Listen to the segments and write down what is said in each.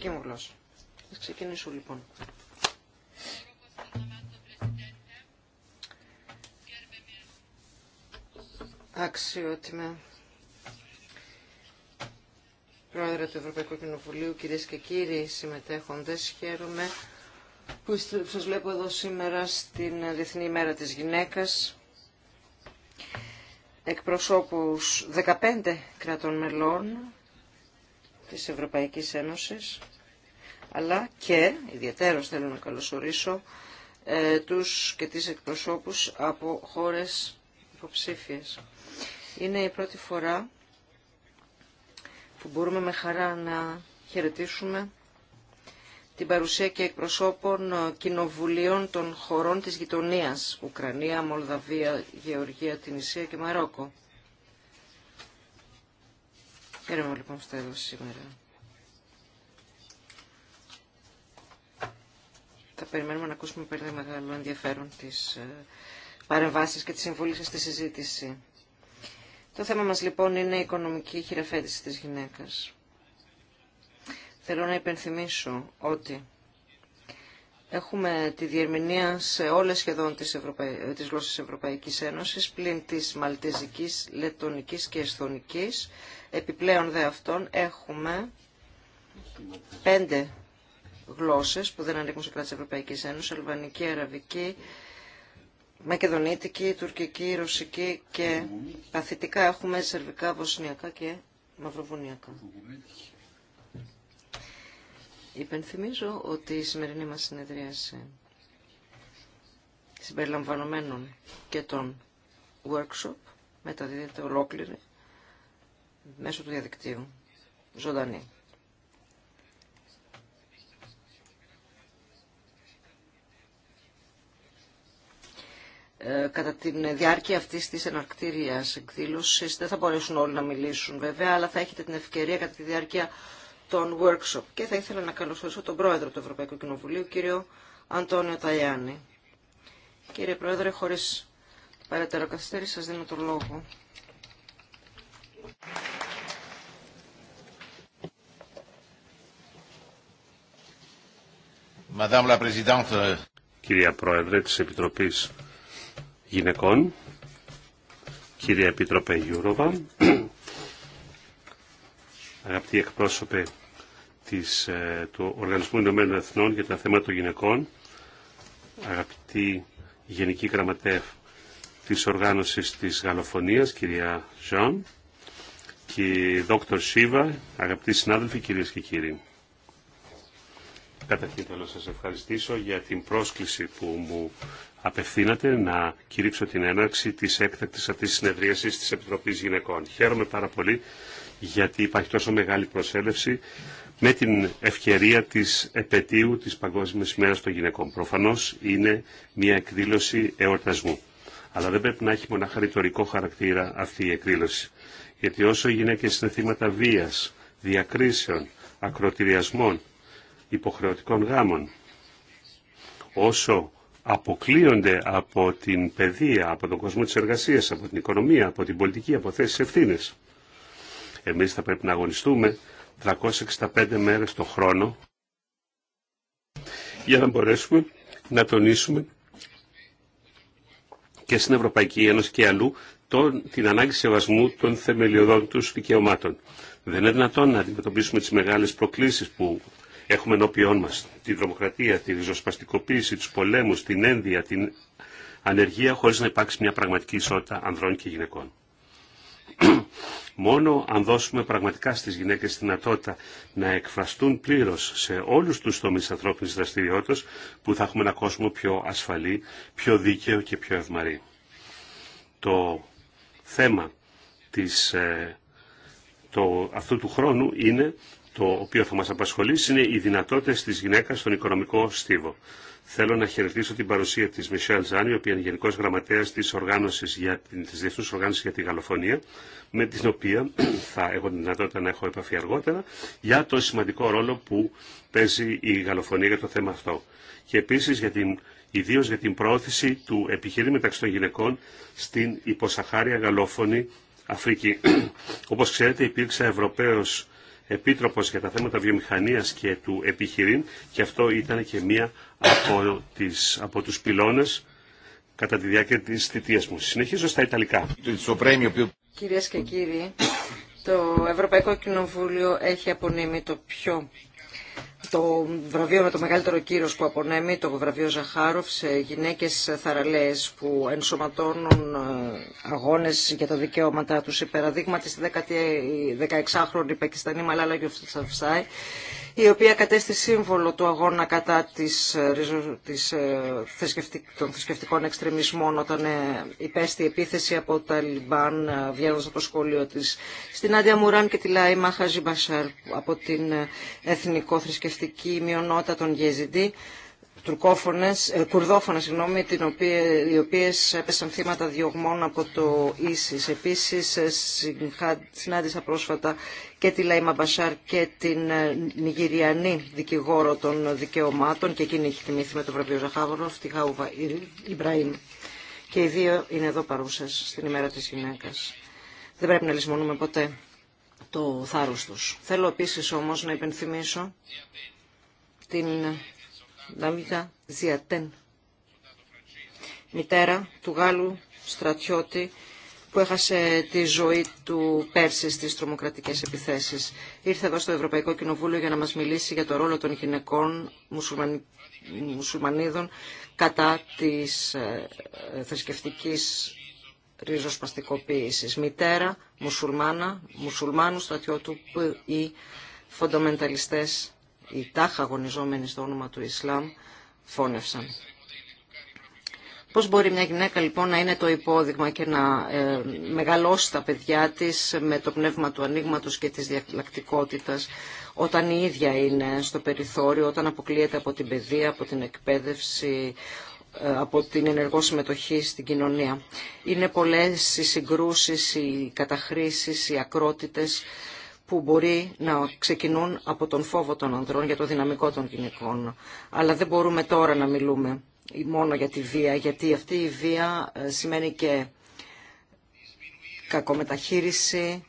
δική μου γλώσσα. ξεκινήσω λοιπόν. Αξιότιμα. Πρόεδρε του Ευρωπαϊκού Κοινοβουλίου, κυρίες και κύριοι συμμετέχοντες, χαίρομαι που σας βλέπω εδώ σήμερα στην Διεθνή Μέρα της γυναίκας. Εκπροσώπους 15 κρατών μελών, της Ευρωπαϊκής Ένωσης, αλλά και, ιδιαίτερως θέλω να καλωσορίσω, ε, τους και τις εκπροσώπους από χώρες υποψήφιες. Είναι η πρώτη φορά που μπορούμε με χαρά να χαιρετήσουμε την παρουσία και εκπροσώπων κοινοβουλίων των χωρών της γειτονίας, Ουκρανία, Μολδαβία, Γεωργία, Τινησία και Μαρόκο. Χαίρομαι λοιπόν είστε εδώ σήμερα. Θα περιμένουμε να ακούσουμε πριν μεγάλο ενδιαφέρον τις ε, παρεμβάσεις και τη συμβολή στη συζήτηση. Το θέμα μας λοιπόν είναι η οικονομική χειραφέτηση της γυναίκας. Θέλω να υπενθυμίσω ότι έχουμε τη διερμηνία σε όλες σχεδόν τις, Ευρωπαϊ... Ε, τις γλώσσες Ευρωπαϊκής Ένωσης, πλην της Μαλτεζικής, Λετωνικής και Εσθονική. Επιπλέον δε αυτών έχουμε πέντε γλώσσες που δεν ανήκουν σε της Ευρωπαϊκής Ένωσης, αλβανική, αραβική, μακεδονίτικη, τουρκική, ρωσική και παθητικά έχουμε σερβικά, βοσνιακά και μαυροβουνιακά. Υπενθυμίζω ότι η σημερινή μας συνεδρίαση συμπεριλαμβανομένων και των workshop μεταδίδεται ολόκληρη μέσω του διαδικτύου, ζωντανή. Ε, κατά τη διάρκεια αυτής της εναρκτήριας εκδήλωσης δεν θα μπορέσουν όλοι να μιλήσουν βέβαια, αλλά θα έχετε την ευκαιρία κατά τη διάρκεια των workshop. Και θα ήθελα να καλωσορίσω τον πρόεδρο του Ευρωπαϊκού Κοινοβουλίου, κύριο Αντώνιο Ταγιάννη. Κύριε Πρόεδρε, χωρίς παρατέρα καθυστέρηση σας δίνω τον λόγο. Euh, κυρία Πρόεδρε της Επιτροπής Γυναικών, κυρία Επίτροπε Γιούροβα, αγαπητοί εκπρόσωποι ε, του Οργανισμού Ηνωμένων Εθνών για τα θέματα των γυναικών, αγαπητοί Γενική Γραμματεύ της Οργάνωσης της Γαλλοφωνίας, κυρία Ζαν, και δόκτωρ Σίβα, αγαπητοί συνάδελφοι, κυρίες και κύριοι. Καταρχήν θέλω να σας ευχαριστήσω για την πρόσκληση που μου απευθύνατε να κηρύξω την έναρξη της έκτακτης αυτής της συνεδρίασης της Επιτροπής Γυναικών. Χαίρομαι πάρα πολύ γιατί υπάρχει τόσο μεγάλη προσέλευση με την ευκαιρία της επαιτίου της Παγκόσμιας Μέρας των γυναικών. Προφανώς είναι μια εκδήλωση εορτασμού. Αλλά δεν πρέπει να έχει μονάχα ρητορικό χαρακτήρα αυτή η εκδήλωση. Γιατί όσο οι γυναίκες είναι θύματα βίας, διακρίσεων, ακροτηριασμών, υποχρεωτικών γάμων. Όσο αποκλείονται από την παιδεία, από τον κόσμο της εργασίας, από την οικονομία, από την πολιτική, από θέσεις ευθύνε. Εμείς θα πρέπει να αγωνιστούμε 365 μέρες το χρόνο για να μπορέσουμε να τονίσουμε και στην Ευρωπαϊκή Ένωση και αλλού τον, την ανάγκη σεβασμού των θεμελιωδών τους δικαιωμάτων. Δεν είναι δυνατόν να αντιμετωπίσουμε τις μεγάλες προκλήσεις που έχουμε ενώπιόν μας. Την τρομοκρατία, τη ριζοσπαστικοποίηση, τους πολέμους, την ένδια, την ανεργία χωρίς να υπάρξει μια πραγματική ισότητα ανδρών και γυναικών. Μόνο αν δώσουμε πραγματικά στις γυναίκες τη δυνατότητα να εκφραστούν πλήρως σε όλους τους τομείς ανθρώπινης δραστηριότητας που θα έχουμε ένα κόσμο πιο ασφαλή, πιο δίκαιο και πιο ευμαρή. Το θέμα της, ε, το, αυτού του χρόνου είναι το οποίο θα μας απασχολήσει είναι οι δυνατότητες της γυναίκας στον οικονομικό στίβο. Θέλω να χαιρετήσω την παρουσία της Μισελ Ζάνι, η οποία είναι Γενικός Γραμματέας της, οργάνωσης για, της Διεθνούς Οργάνωσης για τη Γαλλοφωνία, με την οποία θα έχω την δυνατότητα να έχω επαφή αργότερα, για το σημαντικό ρόλο που παίζει η Γαλλοφωνία για το θέμα αυτό. Και επίσης για την ιδίω για την προώθηση του επιχειρήματος μεταξύ των γυναικών στην υποσαχάρια γαλλόφωνη Αφρική. Όπως ξέρετε υπήρξε Ευρωπαίος Επίτροπο για τα θέματα βιομηχανίας και του επιχειρήν και αυτό ήταν και μία από, τις, από τους πυλώνες κατά τη διάρκεια της θητείας μου. Συνεχίζω στα Ιταλικά. Κυρίες και κύριοι, το Ευρωπαϊκό Κοινοβούλιο έχει απονείμει το πιο το βραβείο με το μεγαλύτερο κύρος που απονέμει, το βραβείο Ζαχάροφ, σε γυναίκες θαραλέες που ενσωματώνουν ε, αγώνες για τα δικαιώματά τους. Η παραδείγμα στη 16χρονη Πακιστανή Μαλάλα Γιουφσαφσάη η οποία κατέστη σύμβολο του αγώνα κατά της, ε, της, ε, των θρησκευτικών εξτρεμισμών όταν ε, υπέστη επίθεση από τα Λιμπάν βγαίνοντας από το σχολείο της στην Άντια Μουράν και τη Μάχα Μαχαζιμπασάρ από την Εθνικό Θρησκευτική Μειονότητα των Γεζιντή τουρκόφωνες, ε, κουρδόφωνες, συγγνώμη, την οι οποίες έπεσαν θύματα διωγμών από το ΙΣΙΣ. Επίσης ε, συνάντησα πρόσφατα και τη Λαϊμα Μπασάρ και την ε, Νιγηριανή δικηγόρο των δικαιωμάτων και εκείνη έχει θυμηθεί με το βραβείο Ζαχάβροφ, τη Χάουβα Ιμπραήμ. Και οι δύο είναι εδώ παρούσες στην ημέρα της γυναίκας. Δεν πρέπει να λησμονούμε ποτέ το θάρρος τους. Θέλω επίσης όμως να υπενθυμίσω την Ναμίγα Ζιατέν, μητέρα του Γάλλου στρατιώτη που έχασε τη ζωή του πέρσι στις τρομοκρατικές επιθέσεις. Ήρθε εδώ στο Ευρωπαϊκό Κοινοβούλιο για να μας μιλήσει για το ρόλο των γυναικών μουσουλμανίδων κατά της ε, θρησκευτικής ριζοσπαστικοποίησης. Μητέρα, μουσουλμάνα, μουσουλμάνου στρατιώτου που οι οι τάχα αγωνιζόμενοι στο όνομα του Ισλάμ φώνευσαν. Πώς μπορεί μια γυναίκα λοιπόν να είναι το υπόδειγμα και να ε, μεγαλώσει τα παιδιά της με το πνεύμα του ανοίγματο και της διακλακτικότητας όταν η ίδια είναι στο περιθώριο, όταν αποκλείεται από την παιδεία, από την εκπαίδευση, ε, από την ενεργό συμμετοχή στην κοινωνία. Είναι πολλές οι συγκρούσεις, οι καταχρήσεις, οι ακρότητες που μπορεί να ξεκινούν από τον φόβο των ανδρών για το δυναμικό των γυναικών. Αλλά δεν μπορούμε τώρα να μιλούμε μόνο για τη βία, γιατί αυτή η βία ε, σημαίνει και κακομεταχείριση,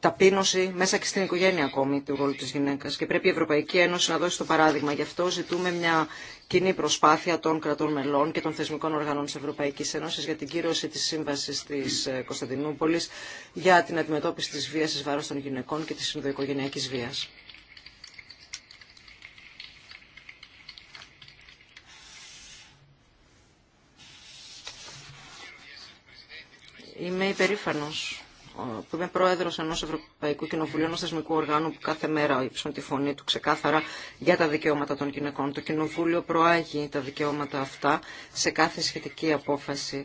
ταπείνωση μέσα και στην οικογένεια ακόμη του ρόλου της γυναίκας. Και πρέπει η Ευρωπαϊκή Ένωση να δώσει το παράδειγμα. Γι' αυτό ζητούμε μια κοινή προσπάθεια των κρατών μελών και των θεσμικών οργανών της Ευρωπαϊκής Ένωσης για την κύρωση της Σύμβασης της ε, Κωνσταντινούπολης για την αντιμετώπιση της βίας εις βάρος των γυναικών και της συνδοοικογενειακής βίας. Είμαι υπερήφανος που είμαι πρόεδρος ενός Ευρωπαϊκού Κοινοβουλίου, ενός θεσμικού οργάνου που κάθε μέρα ύψουν τη φωνή του ξεκάθαρα για τα δικαιώματα των γυναικών. Το Κοινοβούλιο προάγει τα δικαιώματα αυτά σε κάθε σχετική απόφαση.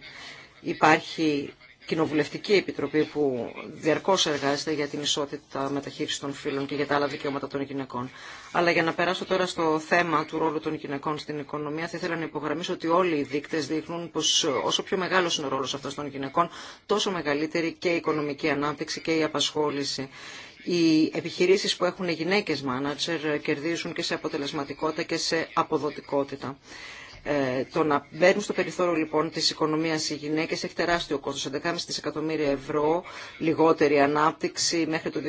Υπάρχει Κοινοβουλευτική Επιτροπή που διαρκώς εργάζεται για την ισότητα μεταχείριση των φύλων και για τα άλλα δικαιώματα των γυναικών. Αλλά για να περάσω τώρα στο θέμα του ρόλου των γυναικών στην οικονομία, θα ήθελα να υπογραμμίσω ότι όλοι οι δείκτε δείχνουν πω όσο πιο μεγάλο είναι ο ρόλο αυτό των γυναικών, τόσο μεγαλύτερη και η οικονομική ανάπτυξη και η απασχόληση. Οι επιχειρήσεις που έχουν γυναίκες μάνατσερ κερδίζουν και σε αποτελεσματικότητα και σε αποδοτικότητα. Ε, το να μπαίνουν στο περιθώριο λοιπόν της οικονομίας οι γυναίκες έχει τεράστιο κόστος, 11,5 δισεκατομμύρια ευρώ, λιγότερη ανάπτυξη μέχρι το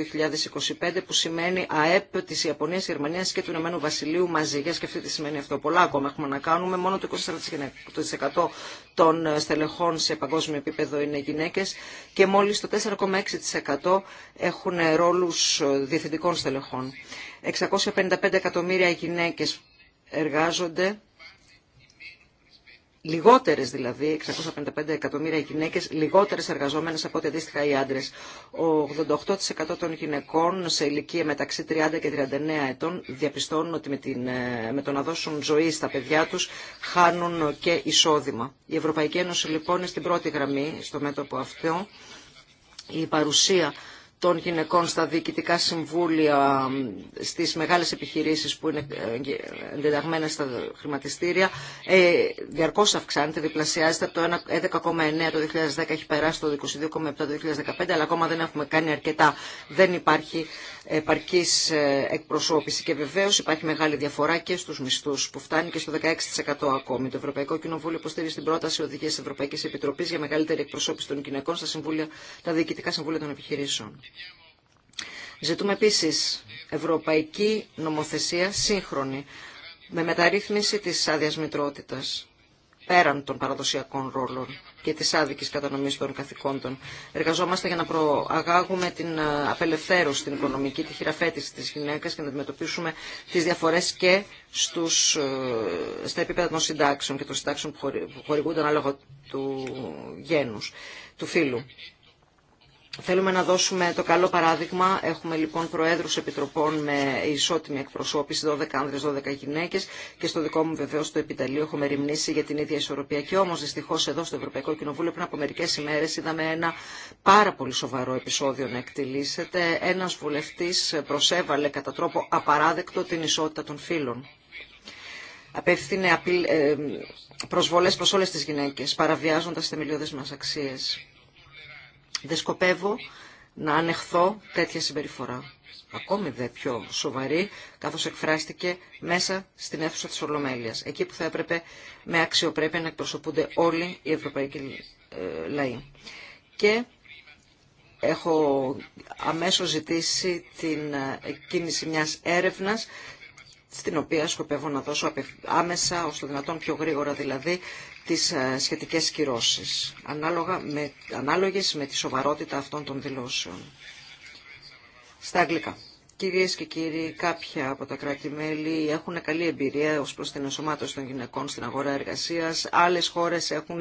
2025 που σημαίνει ΑΕΠ της Ιαπωνίας, Γερμανίας και του Ηνωμένου Βασιλείου μαζί. Για σκεφτείτε τι σημαίνει αυτό. Πολλά ακόμα έχουμε να κάνουμε. Μόνο το 24% των στελεχών σε παγκόσμιο επίπεδο είναι γυναίκες και μόλις το 4,6% έχουν ρόλους διευθυντικών στελεχών. 655 εκατομμύρια γυναίκες εργάζονται λιγότερες δηλαδή, 655 εκατομμύρια γυναίκες, λιγότερες εργαζόμενες από ό,τι αντίστοιχα οι άντρες. Ο 88% των γυναικών σε ηλικία μεταξύ 30 και 39 ετών διαπιστώνουν ότι με, την, ε, με το να δώσουν ζωή στα παιδιά τους χάνουν και εισόδημα. Η Ευρωπαϊκή Ένωση λοιπόν είναι στην πρώτη γραμμή στο μέτωπο αυτό. Η παρουσία των γυναικών στα διοικητικά συμβούλια στις μεγάλες επιχειρήσεις που είναι ε, ενταγμένες στα χρηματιστήρια ε, διαρκώς αυξάνεται, διπλασιάζεται από το 11,9 το 2010 έχει περάσει το 22,7 το 2015 αλλά ακόμα δεν έχουμε κάνει αρκετά. Δεν υπάρχει επαρκής ε, εκπροσώπηση και βεβαίως υπάρχει μεγάλη διαφορά και στους μισθούς που φτάνει και στο 16% ακόμη. Το Ευρωπαϊκό Κοινοβούλιο υποστηρίζει στην πρόταση οδηγίας Ευρωπαϊκής Επιτροπής για μεγαλύτερη εκπροσώπηση των κοινωνικών στα συμβούλια, διοικητικά συμβούλια των επιχειρήσεων. Ζητούμε επίσης ευρωπαϊκή νομοθεσία σύγχρονη με μεταρρύθμιση της άδειας μητρότητας πέραν των παραδοσιακών ρόλων και τη άδικη κατανομή των καθηκόντων. Εργαζόμαστε για να προαγάγουμε την ε, απελευθέρωση, την οικονομική, τη χειραφέτηση τη γυναίκα και να αντιμετωπίσουμε τις διαφορές και στους, ε, στα επίπεδα των συντάξεων και των συντάξεων που χορηγούνται ανάλογα του γένους, του φύλου. Θέλουμε να δώσουμε το καλό παράδειγμα. Έχουμε λοιπόν προέδρους επιτροπών με ισότιμη εκπροσώπηση, 12 άνδρες, 12 γυναίκες και στο δικό μου βεβαίω το επιταλείο έχουμε ρημνήσει για την ίδια ισορροπία. Και όμως δυστυχώς εδώ στο Ευρωπαϊκό Κοινοβούλιο πριν από μερικές ημέρες είδαμε ένα πάρα πολύ σοβαρό επεισόδιο να εκτελήσεται. Ένας βουλευτής προσέβαλε κατά τρόπο απαράδεκτο την ισότητα των φύλων απεύθυνε ε, προσβολές προς όλες τις γυναίκες, παραβιάζοντας θεμελιώδες μας αξίες. Δεν σκοπεύω να ανεχθώ τέτοια συμπεριφορά. Ακόμη δε πιο σοβαρή, καθώς εκφράστηκε μέσα στην αίθουσα της Ολομέλειας, εκεί που θα έπρεπε με αξιοπρέπεια να εκπροσωπούνται όλοι οι ευρωπαϊκοί ε, λαοί. Και έχω αμέσως ζητήσει την ε, κίνηση μιας έρευνας στην οποία σκοπεύω να δώσω άμεσα, το δυνατόν πιο γρήγορα δηλαδή, τις ε, σχετικές κυρώσεις, ανάλογα με, ανάλογες με τη σοβαρότητα αυτών των δηλώσεων. Στα αγγλικά. Κυρίες και κύριοι, κάποια από τα κράτη-μέλη έχουν καλή εμπειρία ως προς την ενσωμάτωση των γυναικών στην αγορά εργασίας. Άλλες χώρες έχουν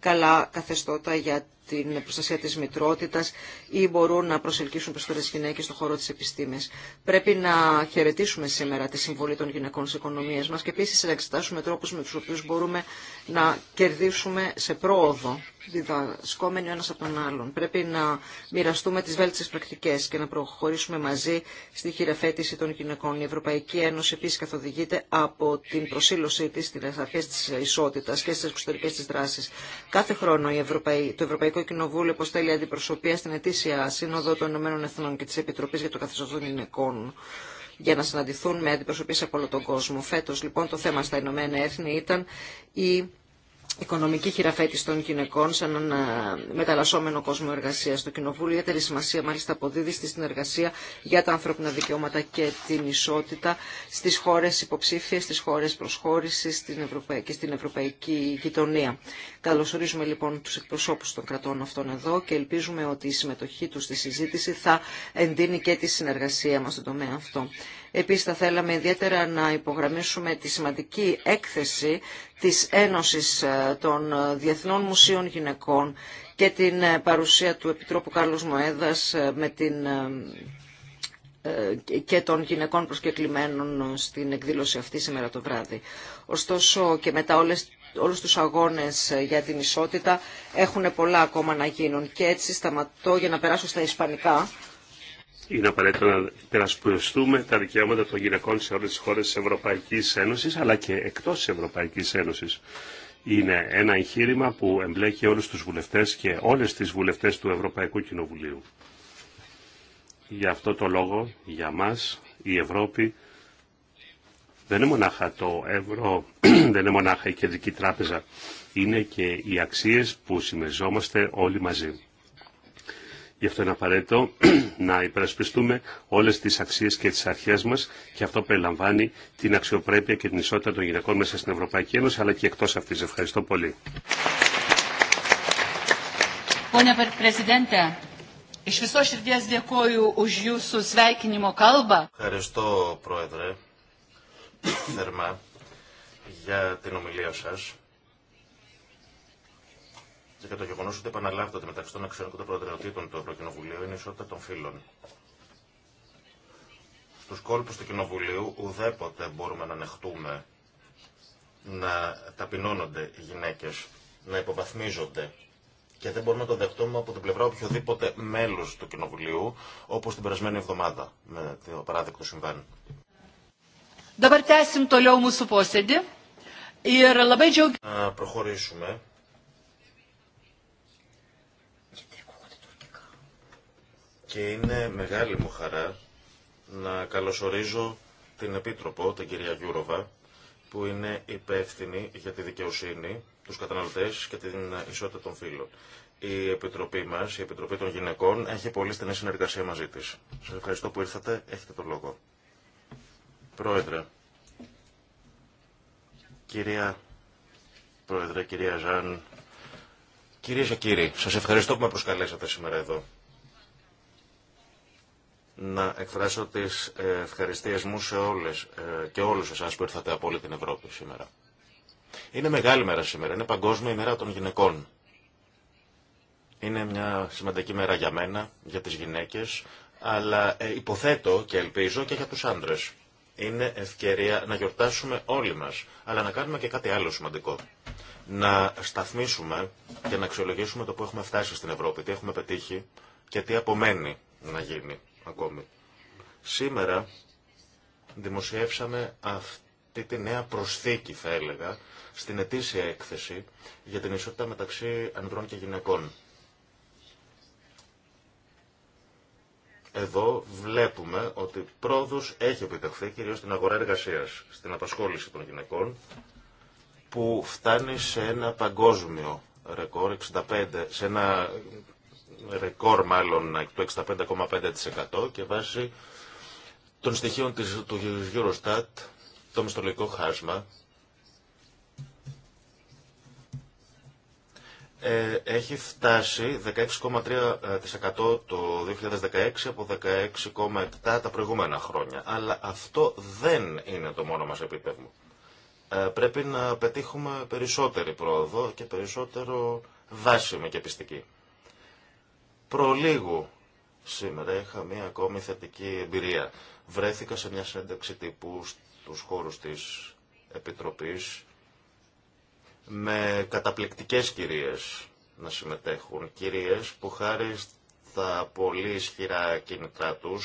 καλά καθεστώτα για την προστασία της μητρότητας ή μπορούν να προσελκύσουν περισσότερες γυναίκες στον χώρο της επιστήμης. Πρέπει να χαιρετήσουμε σήμερα τη συμβολή των γυναικών στις οικονομίες μας και επίσης να εξετάσουμε τρόπους με τους οποίους μπορούμε να κερδίσουμε σε πρόοδο διδασκόμενοι ο ένας από τον άλλον. Πρέπει να μοιραστούμε τις βέλτιστες πρακτικές και να προχωρήσουμε μαζί στη χειραφέτηση των γυναικών. Η Ευρωπαϊκή Ένωση επίσης καθοδηγείται από την προσήλωσή της στις αρχές της ισότητας και στις εξωτερικές της δράσεις. Κάθε χρόνο η Ευρωπαϊ... το Ευρωπαϊκό Ευρωπαϊκό Κοινοβούλιο θέλει αντιπροσωπεία στην ετήσια Σύνοδο των Ηνωμένων Εθνών και τη Επιτροπή για το Καθεστώ των Γυναικών για να συναντηθούν με αντιπροσωπείς από όλο τον κόσμο. Φέτος λοιπόν το θέμα στα Ηνωμένα Έθνη ήταν η οικονομική χειραφέτηση των γυναικών σε έναν ε, μεταλλασσόμενο κόσμο εργασία. Το Κοινοβούλιο ιδιαίτερη σημασία μάλιστα αποδίδει στη συνεργασία για τα ανθρώπινα δικαιώματα και την ισότητα στι χώρε υποψήφιε, στι χώρε προσχώρηση και στην ευρωπαϊκή γειτονία. Καλωσορίζουμε λοιπόν του εκπροσώπου των κρατών αυτών εδώ και ελπίζουμε ότι η συμμετοχή του στη συζήτηση θα εντείνει και τη συνεργασία μα στον τομέα αυτό. Επίσης θα θέλαμε ιδιαίτερα να υπογραμμίσουμε τη σημαντική έκθεση της Ένωσης ε, των Διεθνών Μουσείων Γυναικών και την ε, παρουσία του Επιτρόπου Κάρλος Μοέδας ε, με την και των γυναικών προσκεκλημένων στην εκδήλωση αυτή σήμερα το βράδυ. Ωστόσο και μετά όλες όλους τους αγώνες για την ισότητα έχουν πολλά ακόμα να γίνουν. Και έτσι σταματώ για να περάσω στα ισπανικά, είναι απαραίτητο να υπερασπιστούμε τα δικαιώματα των γυναικών σε όλες τις χώρες της Ευρωπαϊκής Ένωσης αλλά και εκτός της Ευρωπαϊκής Ένωσης. Είναι ένα εγχείρημα που εμπλέκει όλους τους βουλευτές και όλες τις βουλευτές του Ευρωπαϊκού Κοινοβουλίου. Για αυτό το λόγο, για μας, η Ευρώπη δεν είναι μονάχα το ευρώ, δεν είναι μονάχα η κεντρική τράπεζα. Είναι και οι αξίες που συμμεριζόμαστε όλοι μαζί. Γι' αυτό είναι απαραίτητο να υπερασπιστούμε όλες τις αξίες και τις αρχές μας και αυτό περιλαμβάνει την αξιοπρέπεια και την ισότητα των γυναικών μέσα στην Ευρωπαϊκή Ένωση αλλά και εκτός αυτής. Ευχαριστώ πολύ. Ευχαριστώ, Πρόεδρε, θερμά για την ομιλία σας για το γεγονό ότι επαναλάβεται ότι μεταξύ των αξιών και των προτεραιοτήτων του Ευρωκοινοβουλίου είναι η ισότητα των φίλων. Στου κόλπου του Κοινοβουλίου ουδέποτε μπορούμε να ανεχτούμε να ταπεινώνονται οι γυναίκε, να υποβαθμίζονται και δεν μπορούμε να το δεχτούμε από την πλευρά οποιοδήποτε μέλο του Κοινοβουλίου, όπω την περασμένη εβδομάδα με το παράδεκτο συμβάν. Να προχωρήσουμε. και είναι μεγάλη μου χαρά να καλωσορίζω την Επίτροπο, την κυρία Γιούροβα, που είναι υπεύθυνη για τη δικαιοσύνη, τους καταναλωτές και την ισότητα των φύλων. Η Επιτροπή μας, η Επιτροπή των Γυναικών, έχει πολύ στενή συνεργασία μαζί της. Σας ευχαριστώ που ήρθατε. Έχετε το λόγο. Πρόεδρε, κυρία Πρόεδρε, κυρία Ζαν, κυρίες και κύριοι, σας ευχαριστώ που με προσκαλέσατε σήμερα εδώ να εκφράσω τις ευχαριστίες μου σε όλες ε, και όλους εσάς που ήρθατε από όλη την Ευρώπη σήμερα. Είναι μεγάλη μέρα σήμερα, είναι Παγκόσμια ημέρα των γυναικών. Είναι μια σημαντική μέρα για μένα, για τις γυναίκες, αλλά ε, υποθέτω και ελπίζω και για τους άντρες. Είναι ευκαιρία να γιορτάσουμε όλοι μας, αλλά να κάνουμε και κάτι άλλο σημαντικό. Να σταθμίσουμε και να αξιολογήσουμε το που έχουμε φτάσει στην Ευρώπη, τι έχουμε πετύχει και τι απομένει να γίνει ακόμη. Σήμερα δημοσιεύσαμε αυτή τη νέα προσθήκη, θα έλεγα, στην ετήσια έκθεση για την ισότητα μεταξύ ανδρών και γυναικών. Εδώ βλέπουμε ότι πρόοδος έχει επιτευχθεί κυρίως στην αγορά εργασίας, στην απασχόληση των γυναικών, που φτάνει σε ένα παγκόσμιο ρεκόρ, 65, σε ένα ρεκόρ μάλλον του 65,5% και βάσει των στοιχείων της, του Eurostat το μισθολογικό χάσμα ε, έχει φτάσει 16,3% το 2016 από 16,7% τα προηγούμενα χρόνια. Αλλά αυτό δεν είναι το μόνο μας επίτευγμα. Ε, πρέπει να πετύχουμε περισσότερη πρόοδο και περισσότερο βάσιμη και πιστική. Προλίγου σήμερα είχα μία ακόμη θετική εμπειρία. Βρέθηκα σε μια συνέντευξη τύπου στους χώρους της Επιτροπής με καταπληκτικές κυρίες να συμμετέχουν. Κυρίες που χάρη στα πολύ ισχυρά κίνητρά του,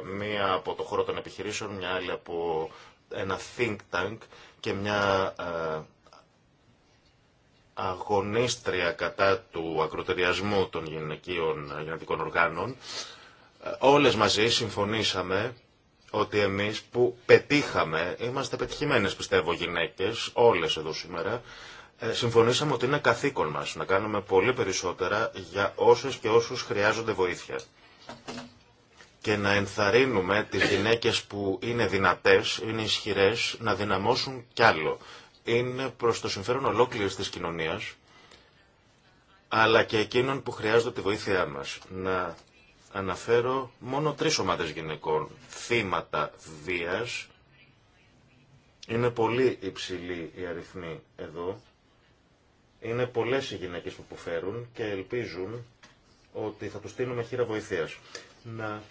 ε, μία από το χώρο των επιχειρήσεων, μια άλλη από ένα think tank και μια ε, αγωνίστρια κατά του ακροτεριασμού των γυναικείων γενετικών οργάνων, ε, όλες μαζί συμφωνήσαμε ότι εμείς που πετύχαμε, είμαστε πετυχημένες πιστεύω γυναίκες, όλες εδώ σήμερα, ε, συμφωνήσαμε ότι είναι καθήκον μας να κάνουμε πολύ περισσότερα για όσες και όσους χρειάζονται βοήθεια. Και να ενθαρρύνουμε τις γυναίκες που είναι δυνατές, είναι ισχυρές, να δυναμώσουν κι άλλο είναι προς το συμφέρον ολόκληρης της κοινωνίας, αλλά και εκείνων που χρειάζονται τη βοήθειά μας. Να αναφέρω μόνο τρεις ομάδες γυναικών. Θύματα βίας, είναι πολύ υψηλή η αριθμή εδώ. Είναι πολλές οι γυναίκες που υποφέρουν και ελπίζουν ότι θα τους στείλουμε χείρα βοηθείας. Να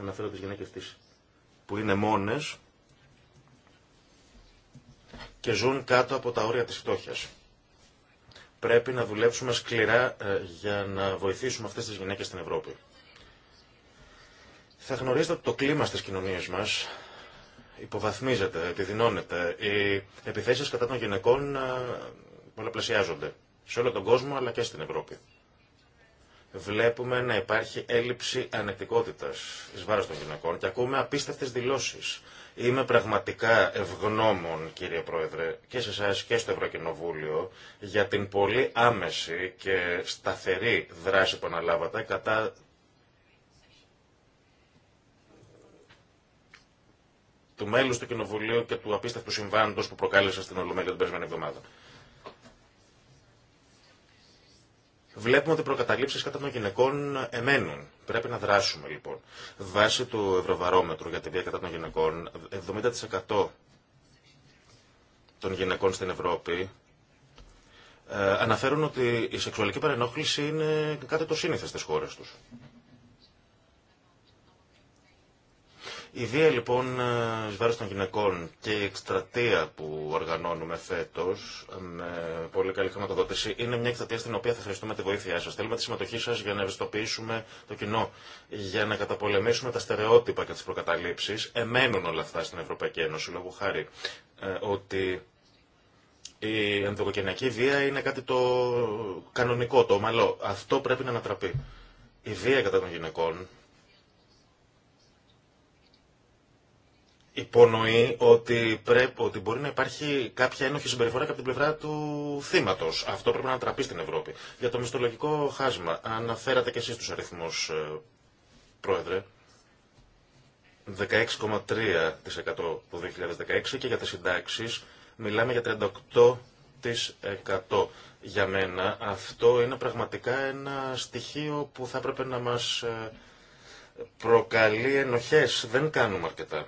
αναφέρω τις γυναίκες της που είναι μόνες και ζουν κάτω από τα όρια της φτώχειας. Πρέπει να δουλέψουμε σκληρά ε, για να βοηθήσουμε αυτές τις γυναίκες στην Ευρώπη. Θα γνωρίζετε ότι το κλίμα στις κοινωνίες μας υποβαθμίζεται, επιδεινώνεται. Οι επιθέσεις κατά των γυναικών ε, πολλαπλασιάζονται σε όλο τον κόσμο αλλά και στην Ευρώπη. Βλέπουμε να υπάρχει έλλειψη ανεκτικότητας εις βάρος των γυναικών και ακούμε απίστευτες δηλώσεις Είμαι πραγματικά ευγνώμων, κύριε Πρόεδρε, και σε εσά και στο Ευρωκοινοβούλιο για την πολύ άμεση και σταθερή δράση που αναλάβατε κατά του μέλους του Κοινοβουλίου και του απίστευτου συμβάντος που προκάλεσε στην Ολομέλεια την περσμένη εβδομάδα. Βλέπουμε ότι οι προκαταλήψεις κατά των γυναικών εμένουν Πρέπει να δράσουμε λοιπόν. Βάσει του Ευρωβαρόμετρου για την βία κατά των γυναικών, 70% των γυναικών στην Ευρώπη ε, αναφέρουν ότι η σεξουαλική παρενόχληση είναι κάτι το σύνηθε στις χώρες τους. Η βία λοιπόν εις βάρος των γυναικών και η εκστρατεία που οργανώνουμε φέτος με πολύ καλή χρηματοδότηση είναι μια εκστρατεία στην οποία θα ευχαριστούμε τη βοήθειά σας. Θέλουμε τη συμμετοχή σας για να ευαισθητοποιήσουμε το κοινό, για να καταπολεμήσουμε τα στερεότυπα και τις προκαταλήψεις. Εμένουν όλα αυτά στην Ευρωπαϊκή Ένωση λόγω χάρη ε, ότι η ενδοκοκενειακή βία είναι κάτι το κανονικό, το ομαλό. Αυτό πρέπει να ανατραπεί. Η βία κατά των γυναικών υπονοεί ότι, πρέπει, ότι μπορεί να υπάρχει κάποια ένοχη συμπεριφορά και από την πλευρά του θύματο. Αυτό πρέπει να ανατραπεί στην Ευρώπη. Για το μισθολογικό χάσμα, αναφέρατε και εσεί του αριθμού, ε, Πρόεδρε. 16,3% το 2016 και για τις συντάξεις μιλάμε για 38%. Για μένα αυτό είναι πραγματικά ένα στοιχείο που θα έπρεπε να μας ε, προκαλεί ενοχές. Δεν κάνουμε αρκετά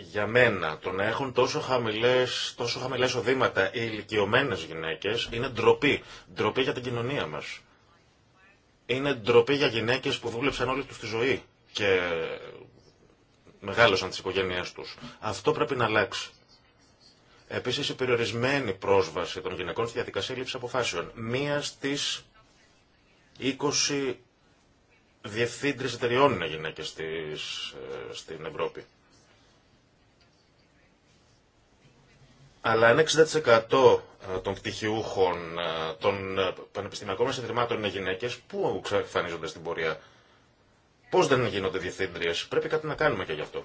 για μένα το να έχουν τόσο, χαμηλές, τόσο χαμηλές οδήματα οι ηλικιωμένες γυναίκες είναι ντροπή. Ντροπή για την κοινωνία μας. Είναι ντροπή για γυναίκες που δούλεψαν όλη τους τη ζωή και μεγάλωσαν τις οικογένειές τους. Αυτό πρέπει να αλλάξει. Επίσης η περιορισμένη πρόσβαση των γυναικών στη διαδικασία λήψη αποφάσεων. Μία στις 20 διευθύντρες εταιριών είναι γυναίκες ε, στην Ευρώπη. αλλά αν 60% ε, των πτυχιούχων ε, των ε, πανεπιστημιακών μας ιδρυμάτων είναι γυναίκες, πού εξαφανίζονται στην πορεία. Πώς δεν γίνονται διευθύντριες. Πρέπει κάτι να κάνουμε και γι' αυτό.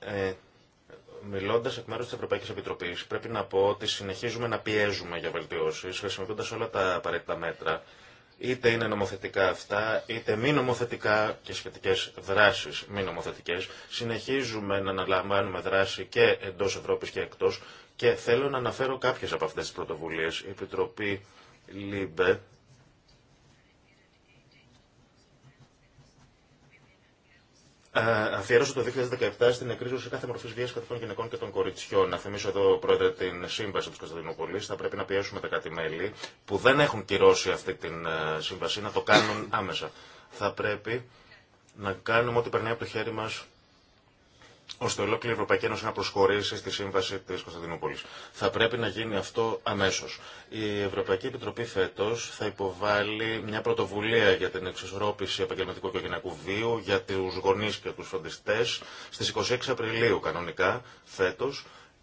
Ε, Μιλώντα εκ μέρου τη Ευρωπαϊκή Επιτροπή, πρέπει να πω ότι συνεχίζουμε να πιέζουμε για βελτιώσει, χρησιμοποιώντα όλα τα απαραίτητα μέτρα, είτε είναι νομοθετικά αυτά, είτε μη νομοθετικά και σχετικέ δράσει μη νομοθετικέ. Συνεχίζουμε να αναλαμβάνουμε δράση και εντό Ευρώπη και εκτό, και θέλω να αναφέρω κάποιες από αυτές τις πρωτοβουλίες. Η Επιτροπή ΛΥΜΠΕ ε, αφιέρωσε το 2017 στην εκρίζωση κάθε μορφή βία κατά των γυναικών και των κοριτσιών. Να θυμίσω εδώ, Πρόεδρε, την σύμβαση τη Κωνσταντινούπολη. Θα πρέπει να πιέσουμε τα κάτι μελη που δεν έχουν κυρώσει αυτή την ε, σύμβαση να το κάνουν άμεσα. Θα πρέπει να κάνουμε ό,τι περνάει από το χέρι μα ώστε ολόκληρη η Ευρωπαϊκή Ένωση να προσχωρήσει στη σύμβαση τη Κωνσταντινούπολη. Θα πρέπει να γίνει αυτό αμέσω. Η Ευρωπαϊκή Επιτροπή φέτο θα υποβάλει μια πρωτοβουλία για την εξισορρόπηση επαγγελματικού και οικογενειακού βίου για του γονεί και του φροντιστέ στι 26 Απριλίου κανονικά φέτο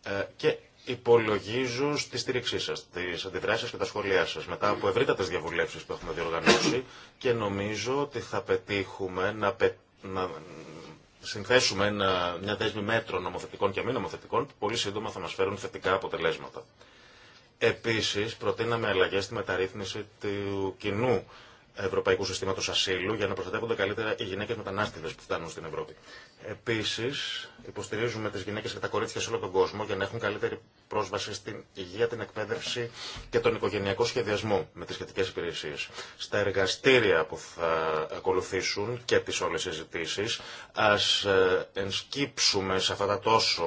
ε, και υπολογίζω στη στήριξή σα, τι αντιδράσει και τα σχόλιά σα μετά από ευρύτατε διαβουλεύσει που έχουμε διοργανώσει και νομίζω ότι θα πετύχουμε να, πε... να συνθέσουμε ένα, μια δέσμη μέτρων νομοθετικών και μη νομοθετικών που πολύ σύντομα θα μας φέρουν θετικά αποτελέσματα. Επίσης, προτείναμε αλλαγές στη μεταρρύθμιση του κοινού Ευρωπαϊκού Συστήματος Ασύλου για να προστατεύονται καλύτερα οι γυναίκες μετανάστευες που φτάνουν στην Ευρώπη. Επίση, υποστηρίζουμε τις γυναίκες και τα κορίτσια σε όλο τον κόσμο για να έχουν καλύτερη πρόσβαση στην υγεία, την εκπαίδευση και τον οικογενειακό σχεδιασμό με τις σχετικέ υπηρεσίες. Στα εργαστήρια που θα ακολουθήσουν και τις όλες συζητήσει. Α ε, ενσκύψουμε σε αυτά τα τόσο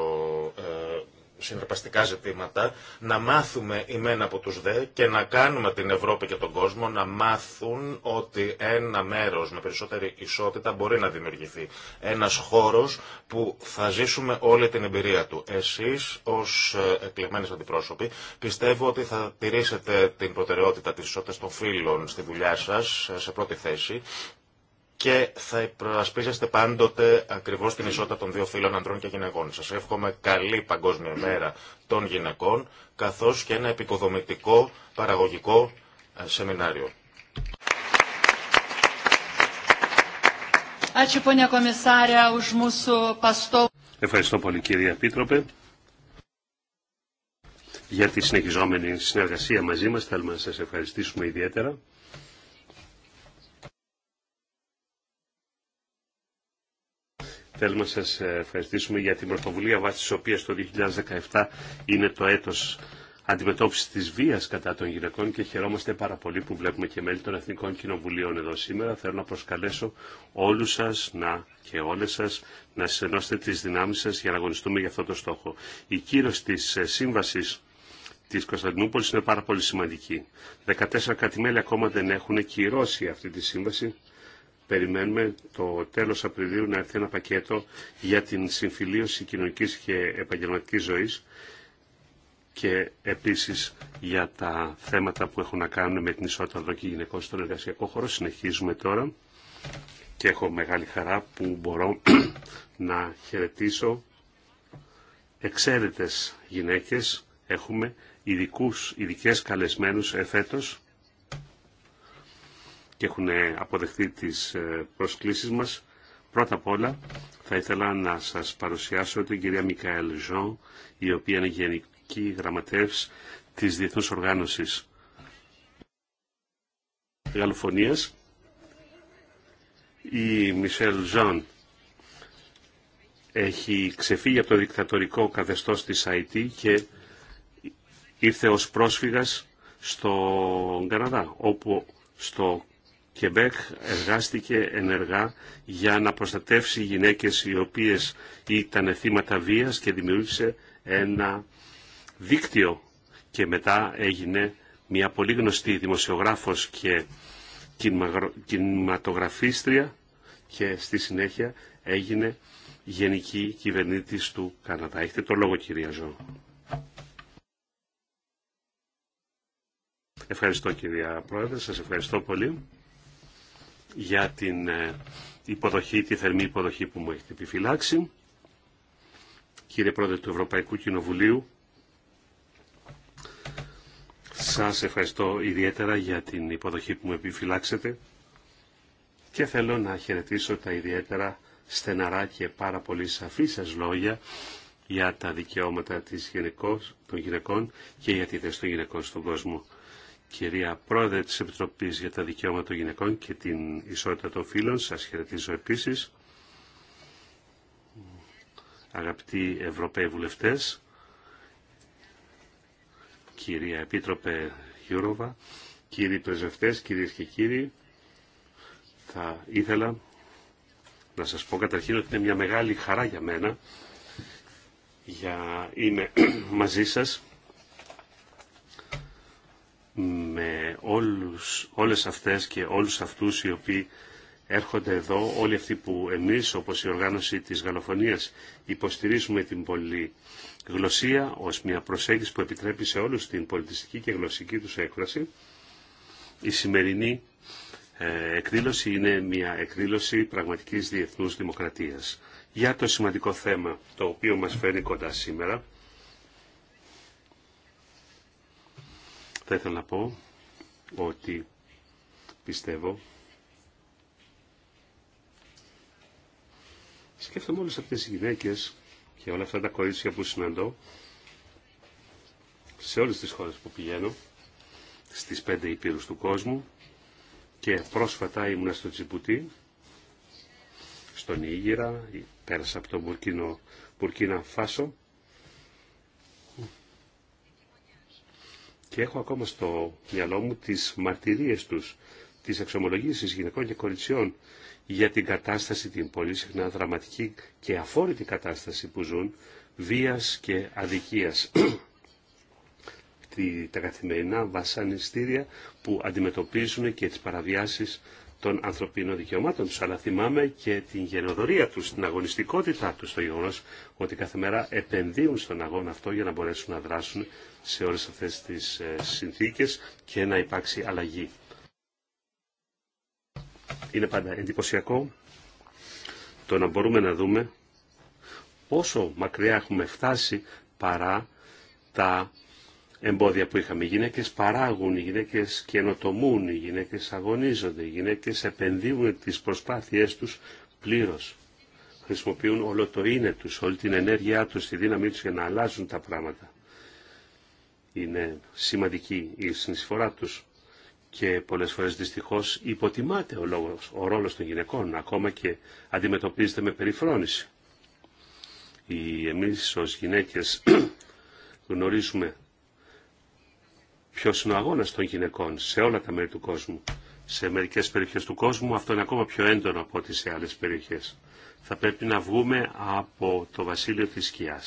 ε, συναρπαστικά ζητήματα, να μάθουμε ημένα από τους δε και να κάνουμε την Ευρώπη και τον κόσμο να μάθουν ότι ένα μέρος με περισσότερη ισότητα μπορεί να δημιουργηθεί. Ένας χώρος που θα ζήσουμε όλη την εμπειρία του. Εσείς ως ε, εκλεγμένες αντιπρόσωποι πιστεύω ότι θα τηρήσετε την προτεραιότητα της ισότητας των φίλων στη δουλειά σας ε, σε πρώτη θέση και θα προασπίζεστε πάντοτε ακριβώ την ισότητα των δύο φίλων ανδρών και γυναικών. Σα εύχομαι καλή Παγκόσμια Μέρα των γυναικών, καθώ και ένα επικοδομητικό παραγωγικό ε, σεμινάριο. Ευχαριστώ πολύ κύριε Επίτροπε για τη συνεχιζόμενη συνεργασία μαζί μας. Θέλουμε να σας ευχαριστήσουμε ιδιαίτερα. θέλουμε να σας ε, ευχαριστήσουμε για την πρωτοβουλία βάσης της οποίας το 2017 είναι το έτος αντιμετώπισης της βίας κατά των γυναικών και χαιρόμαστε πάρα πολύ που βλέπουμε και μέλη των Εθνικών Κοινοβουλίων εδώ σήμερα. Θέλω να προσκαλέσω όλους σας να, και όλες σας να συνενώσετε τις δυνάμεις σας για να αγωνιστούμε για αυτό το στόχο. Η κύρωση της ε, σύμβασης τη Κωνσταντινούπολη είναι πάρα πολύ σημαντική. 14 κατημέλια ακόμα δεν έχουν κυρώσει αυτή τη σύμβαση περιμένουμε το τέλος Απριλίου να έρθει ένα πακέτο για την συμφιλίωση κοινωνικής και επαγγελματικής ζωής και επίσης για τα θέματα που έχουν να κάνουν με την ισότητα των και γυναικών στον εργασιακό χώρο. Συνεχίζουμε τώρα και έχω μεγάλη χαρά που μπορώ να χαιρετήσω εξαίρετες γυναίκες. Έχουμε ειδικούς, ειδικές καλεσμένους εφέτος και έχουν ε, αποδεχτεί τις ε, προσκλήσεις μας. Πρώτα απ' όλα θα ήθελα να σας παρουσιάσω την κυρία Μικαέλ Ζων, η οποία είναι Γενική Γραμματεύς της Διεθνούς Οργάνωσης Γαλλοφωνίας. Η Μισελ Ζων έχει ξεφύγει από το δικτατορικό καθεστώς της ΑΙΤ και ήρθε ως πρόσφυγας στο Καναδά, όπου στο Κεμπέκ εργάστηκε ενεργά για να προστατεύσει γυναίκες οι οποίες ήταν θύματα βίας και δημιούργησε ένα δίκτυο και μετά έγινε μια πολύ γνωστή δημοσιογράφος και κινηματογραφίστρια και στη συνέχεια έγινε γενική κυβερνήτης του Καναδά. Έχετε το λόγο κυρία Ζώ. Ευχαριστώ κυρία Πρόεδρε, σας ευχαριστώ πολύ για την ε, υποδοχή, τη θερμή υποδοχή που μου έχετε επιφυλάξει. Κύριε Πρόεδρε του Ευρωπαϊκού Κοινοβουλίου, σας ευχαριστώ ιδιαίτερα για την υποδοχή που μου επιφυλάξετε και θέλω να χαιρετήσω τα ιδιαίτερα στεναρά και πάρα πολύ σαφή σας λόγια για τα δικαιώματα της γυναικός, των γυναικών και για τη θέση των γυναικών στον κόσμο κυρία Πρόεδρε της Επιτροπής για τα Δικαιώματα των Γυναικών και την Ισότητα των Φίλων, Σας χαιρετίζω επίσης. Αγαπητοί Ευρωπαίοι Βουλευτές, κυρία Επίτροπε Γιούροβα, κύριοι Πρεσβευτές, κυρίες και κύριοι, θα ήθελα να σας πω καταρχήν ότι είναι μια μεγάλη χαρά για μένα για είμαι μαζί σας με όλους, όλες αυτές και όλους αυτούς οι οποίοι έρχονται εδώ, όλοι αυτοί που εμείς όπως η οργάνωση της Γαλλοφωνίας υποστηρίζουμε την γλωσσία ως μια προσέγγιση που επιτρέπει σε όλους την πολιτιστική και γλωσσική τους έκφραση. Η σημερινή ε, εκδήλωση είναι μια εκδήλωση πραγματικής διεθνούς δημοκρατίας. Για το σημαντικό θέμα το οποίο μας φέρνει κοντά σήμερα, Θα ήθελα να πω ότι πιστεύω σκέφτομαι όλες αυτές τις γυναίκες και όλα αυτά τα κορίτσια που συναντώ σε όλες τις χώρες που πηγαίνω στις πέντε υπήρους του κόσμου και πρόσφατα ήμουνα στο Τσιπούτι, στον Ήγηρα πέρασα από το Μπουρκίνο, Μπουρκίνα Φάσο Και έχω ακόμα στο μυαλό μου τις μαρτυρίες τους, τις εξομολογήσεις γυναικών και κοριτσιών για την κατάσταση, την πολύ συχνά δραματική και αφόρητη κατάσταση που ζουν, βίας και αδικίας. τα καθημερινά βασανιστήρια που αντιμετωπίζουν και τις παραβιάσεις των ανθρωπίνων δικαιωμάτων τους, αλλά θυμάμαι και την γενοδορία τους, την αγωνιστικότητά τους, το γεγονό ότι κάθε μέρα επενδύουν στον αγώνα αυτό για να μπορέσουν να δράσουν σε όλες αυτές τις ε, συνθήκες και να υπάρξει αλλαγή. Είναι πάντα εντυπωσιακό το να μπορούμε να δούμε πόσο μακριά έχουμε φτάσει παρά τα εμπόδια που είχαμε. Οι γυναίκες παράγουν, οι γυναίκες καινοτομούν, οι γυναίκες αγωνίζονται, οι γυναίκες επενδύουν τις προσπάθειές τους πλήρως. Χρησιμοποιούν όλο το είναι τους, όλη την ενέργειά τους, τη δύναμή τους για να αλλάζουν τα πράγματα. Είναι σημαντική η συνεισφορά τους και πολλές φορές δυστυχώς υποτιμάται ο, λόγος, ο ρόλος των γυναικών, ακόμα και αντιμετωπίζεται με περιφρόνηση. εμείς ως γυναίκες γνωρίζουμε ποιο είναι ο αγώνα των γυναικών σε όλα τα μέρη του κόσμου. Σε μερικές περιοχέ του κόσμου αυτό είναι ακόμα πιο έντονο από ό,τι σε άλλες περιοχές. Θα πρέπει να βγούμε από το βασίλειο της σκιά.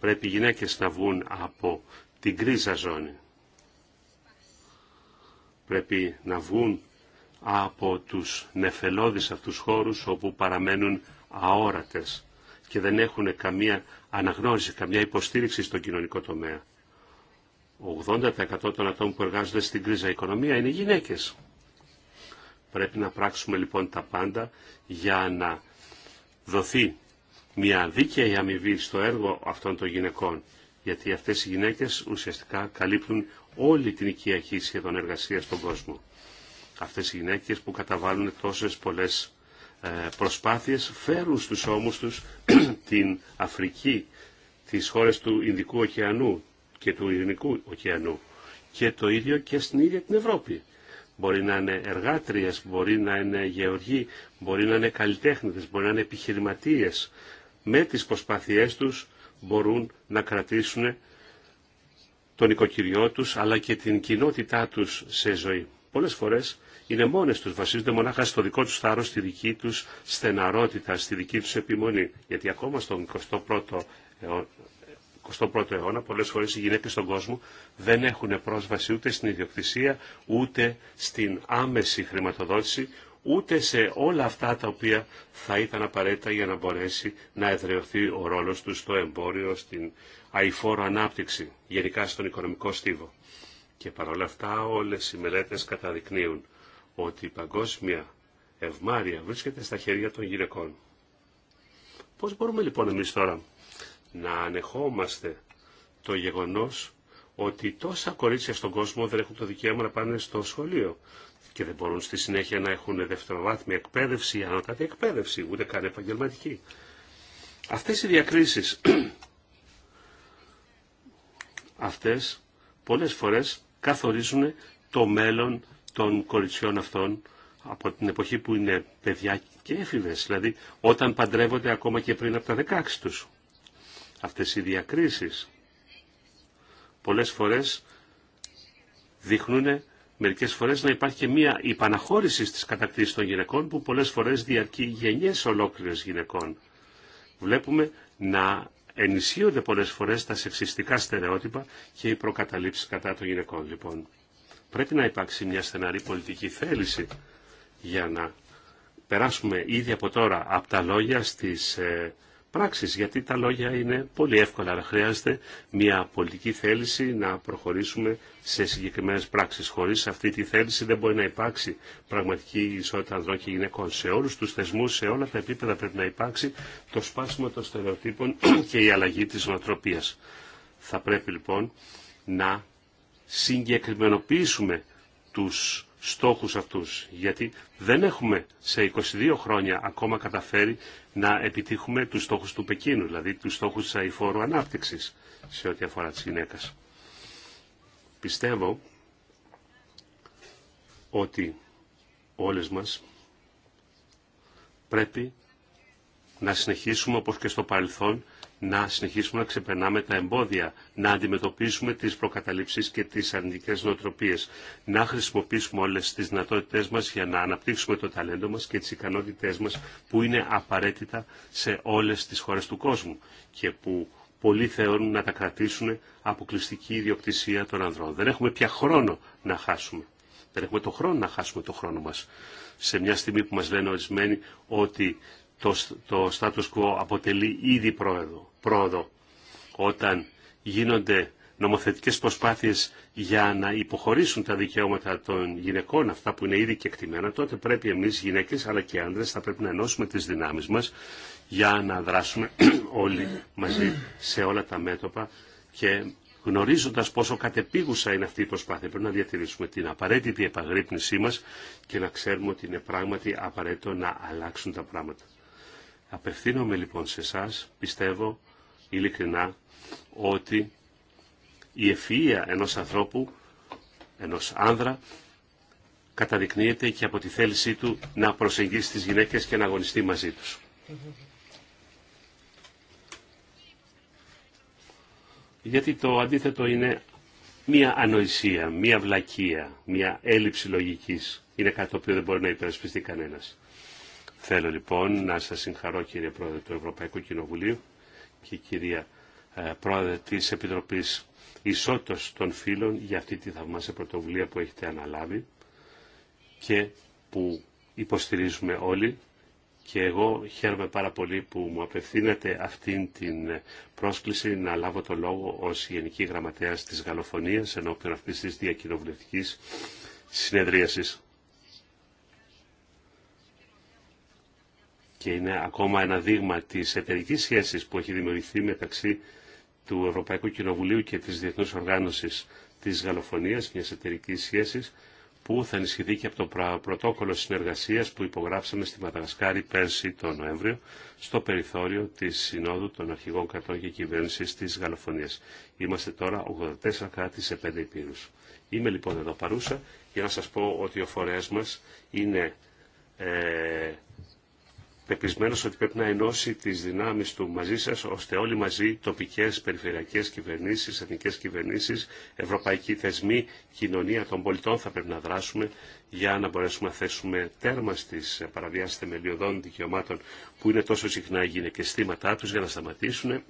Πρέπει οι γυναίκες να βγουν από την κρίζα ζώνη. Πρέπει να βγουν από τους νεφελώδεις αυτούς χώρους όπου παραμένουν αόρατες και δεν έχουν καμία αναγνώριση, καμία υποστήριξη στον κοινωνικό τομέα. 80% των ατόμων που εργάζονται στην κρίζα οικονομία είναι γυναίκες. Πρέπει να πράξουμε λοιπόν τα πάντα για να δοθεί μια δίκαιη αμοιβή στο έργο αυτών των γυναικών. Γιατί αυτές οι γυναίκες ουσιαστικά καλύπτουν όλη την οικιακή σχεδόν εργασία στον κόσμο. Αυτές οι γυναίκες που καταβάλουν τόσες πολλές ε, προσπάθειες φέρουν στους ώμους τους την Αφρική, τις χώρες του Ινδικού ωκεανού, και του Ειρηνικού ωκεανού. Και το ίδιο και στην ίδια την Ευρώπη. Μπορεί να είναι εργάτριες, μπορεί να είναι γεωργοί, μπορεί να είναι καλλιτέχνητες, μπορεί να είναι επιχειρηματίες. Με τις προσπάθειές τους μπορούν να κρατήσουν τον οικοκυριό τους αλλά και την κοινότητά τους σε ζωή. Πολλές φορές είναι μόνες τους, βασίζονται μονάχα στο δικό τους θάρρος, στη δική τους στεναρότητα, στη δική τους επιμονή. Γιατί ακόμα στον 21ο 21ο αιώνα πολλές φορές οι γυναίκες στον κόσμο δεν έχουν πρόσβαση ούτε στην ιδιοκτησία, ούτε στην άμεση χρηματοδότηση, ούτε σε όλα αυτά τα οποία θα ήταν απαραίτητα για να μπορέσει να εδραιωθεί ο ρόλος του στο εμπόριο, στην αηφόρο ανάπτυξη, γενικά στον οικονομικό στίβο. Και παρόλα αυτά όλες οι μελέτες καταδεικνύουν ότι η παγκόσμια ευμάρεια βρίσκεται στα χέρια των γυναικών. Πώς μπορούμε λοιπόν εμείς τώρα να ανεχόμαστε το γεγονός ότι τόσα κορίτσια στον κόσμο δεν έχουν το δικαίωμα να πάνε στο σχολείο και δεν μπορούν στη συνέχεια να έχουν δευτεροβάθμια εκπαίδευση ή ανώτατη εκπαίδευση, ούτε καν επαγγελματική. Αυτές οι διακρίσεις, αυτές πολλές φορές καθορίζουν το μέλλον των κοριτσιών αυτών από την εποχή που είναι παιδιά και έφηβες, δηλαδή όταν παντρεύονται ακόμα και πριν από τα 16 τους. Αυτές οι διακρίσεις πολλές φορές δείχνουν μερικές φορές να υπάρχει και μία υπαναχώρηση στις κατακτήσεις των γυναικών που πολλές φορές διαρκεί γενιές ολόκληρες γυναικών. Βλέπουμε να ενισχύονται πολλές φορές τα σεξιστικά στερεότυπα και οι προκαταλήψεις κατά των γυναικών. Λοιπόν, πρέπει να υπάρξει μια στεναρή πολιτική θέληση για να περάσουμε ήδη από τώρα από τα λόγια στις ε, πράξεις, γιατί τα λόγια είναι πολύ εύκολα, αλλά χρειάζεται μια πολιτική θέληση να προχωρήσουμε σε συγκεκριμένες πράξεις. Χωρίς αυτή τη θέληση δεν μπορεί να υπάρξει πραγματική ισότητα ανδρών και γυναικών. Σε όλους τους θεσμούς, σε όλα τα επίπεδα πρέπει να υπάρξει το σπάσιμο των στερεοτύπων και η αλλαγή της νοοτροπίας. Θα πρέπει λοιπόν να συγκεκριμενοποιήσουμε τους στόχους αυτούς, γιατί δεν έχουμε σε 22 χρόνια ακόμα καταφέρει να επιτύχουμε τους στόχους του Πεκίνου, δηλαδή τους στόχους της αηφόρου ανάπτυξης σε ό,τι αφορά τις γυναίκες. Πιστεύω ότι όλες μας πρέπει να συνεχίσουμε όπως και στο παρελθόν να συνεχίσουμε να ξεπερνάμε τα εμπόδια, να αντιμετωπίσουμε τις προκαταλήψεις και τις αρνητικές νοοτροπίες, να χρησιμοποιήσουμε όλες τις δυνατότητές μας για να αναπτύξουμε το ταλέντο μας και τις ικανότητές μας που είναι απαραίτητα σε όλες τις χώρες του κόσμου και που πολλοί θεωρούν να τα κρατήσουν αποκλειστική ιδιοκτησία των ανδρών. Δεν έχουμε πια χρόνο να χάσουμε. Δεν έχουμε το χρόνο να χάσουμε το χρόνο μας. Σε μια στιγμή που μας λένε ορισμένοι ότι το, το status quo αποτελεί ήδη πρόοδο. πρόοδο. Όταν γίνονται νομοθετικές προσπάθειες για να υποχωρήσουν τα δικαιώματα των γυναικών, αυτά που είναι ήδη κεκτημένα, τότε πρέπει εμείς γυναίκες αλλά και άντρες θα πρέπει να ενώσουμε τις δυνάμεις μας για να δράσουμε όλοι μαζί σε όλα τα μέτωπα και γνωρίζοντας πόσο κατεπίγουσα είναι αυτή η προσπάθεια. Πρέπει να διατηρήσουμε την απαραίτητη επαγρύπνησή μας και να ξέρουμε ότι είναι πράγματι απαραίτητο να αλλάξουν τα πράγματα. Απευθύνομαι λοιπόν σε εσά, πιστεύω ειλικρινά ότι η ευφυΐα ενός ανθρώπου, ενός άνδρα, καταδεικνύεται και από τη θέλησή του να προσεγγίσει τις γυναίκες και να αγωνιστεί μαζί τους. Γιατί το αντίθετο είναι μία ανοησία, μία βλακεία, μία έλλειψη λογικής. Είναι κάτι το οποίο δεν μπορεί να υπερασπιστεί κανένας. Θέλω λοιπόν να σας συγχαρώ κύριε Πρόεδρε του Ευρωπαϊκού Κοινοβουλίου και κυρία ε, Πρόεδρε της Επιτροπής Ισότητας των Φίλων για αυτή τη θαυμάσια πρωτοβουλία που έχετε αναλάβει και που υποστηρίζουμε όλοι και εγώ χαίρομαι πάρα πολύ που μου απευθύνεται αυτήν την πρόσκληση να λάβω το λόγο ως Γενική Γραμματέας της Γαλλοφωνίας ενώπιον αυτής της διακοινοβουλευτικής συνεδρίασης. και είναι ακόμα ένα δείγμα της εταιρικής σχέσης που έχει δημιουργηθεί μεταξύ του Ευρωπαϊκού Κοινοβουλίου και της Διεθνούς Οργάνωσης της Γαλλοφωνίας, μιας εταιρικής σχέσης, που θα ενισχυθεί και από το πρωτόκολλο συνεργασίας που υπογράψαμε στη Μαδαγασκάρη πέρσι το Νοέμβριο στο περιθώριο της Συνόδου των Αρχηγών Κρατών και Κυβέρνησης της Γαλλοφωνίας. Είμαστε τώρα 84 κράτη σε 5 υπήρους. Είμαι λοιπόν εδώ παρούσα για να σας πω ότι ο φορέας μα είναι ε, πεπισμένο ότι πρέπει να ενώσει τι δυνάμει του μαζί σα, ώστε όλοι μαζί, τοπικέ περιφερειακέ κυβερνήσει, εθνικέ κυβερνήσει, ευρωπαϊκοί θεσμοί, κοινωνία των πολιτών θα πρέπει να δράσουμε για να μπορέσουμε να θέσουμε τέρμα στι παραβιάσει θεμελιωδών δικαιωμάτων που είναι τόσο συχνά και θύματά τους για να σταματήσουν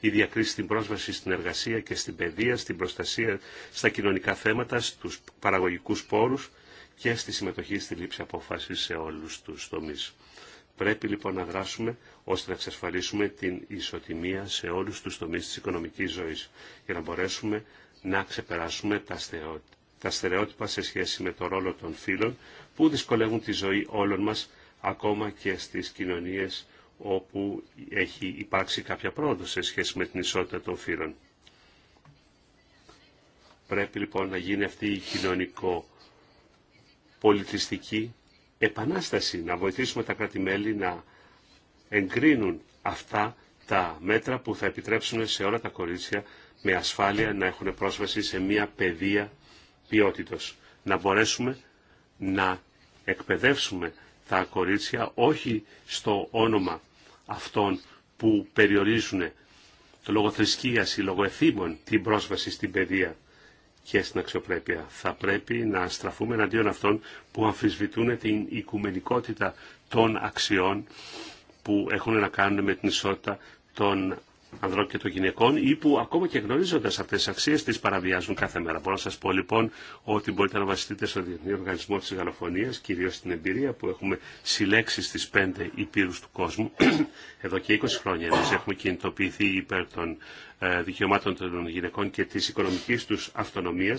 Η διακρίση στην πρόσβαση στην εργασία και στην παιδεία, στην προστασία στα κοινωνικά θέματα, στου παραγωγικού πόρου και στη συμμετοχή στη λήψη αποφάση σε όλου του τομεί. Πρέπει λοιπόν να δράσουμε ώστε να εξασφαλίσουμε την ισοτιμία σε όλους τους τομείς της οικονομικής ζωής για να μπορέσουμε να ξεπεράσουμε τα, στερεότυπα, σε σχέση με το ρόλο των φίλων, που δυσκολεύουν τη ζωή όλων μας ακόμα και στις κοινωνίες όπου έχει υπάρξει κάποια πρόοδο σε σχέση με την ισότητα των φύλων. Πρέπει λοιπόν να γίνει αυτή η κοινωνικό πολιτιστική επανάσταση, να βοηθήσουμε τα κράτη-μέλη να εγκρίνουν αυτά τα μέτρα που θα επιτρέψουν σε όλα τα κορίτσια με ασφάλεια να έχουν πρόσβαση σε μια παιδεία ποιότητος. Να μπορέσουμε να εκπαιδεύσουμε τα κορίτσια όχι στο όνομα αυτών που περιορίζουν το λόγο θρησκείας ή λόγω εθήμων την πρόσβαση στην παιδεία και στην αξιοπρέπεια. Θα πρέπει να στραφούμε εναντίον αυτών που αμφισβητούν την οικουμενικότητα των αξιών που έχουν να κάνουν με την ισότητα των ανδρών και των γυναικών ή που ακόμα και γνωρίζοντα αυτέ τι αξίε τι παραβιάζουν κάθε μέρα. Μπορώ να σα πω λοιπόν ότι μπορείτε να βασιστείτε στο Διεθνή Οργανισμό τη Γαλλοφωνία, κυρίω στην εμπειρία που έχουμε συλλέξει στι πέντε υπήρου του κόσμου. Εδώ και 20 χρόνια εμεί έχουμε κινητοποιηθεί υπέρ των ε, δικαιωμάτων των γυναικών και τη οικονομική του αυτονομία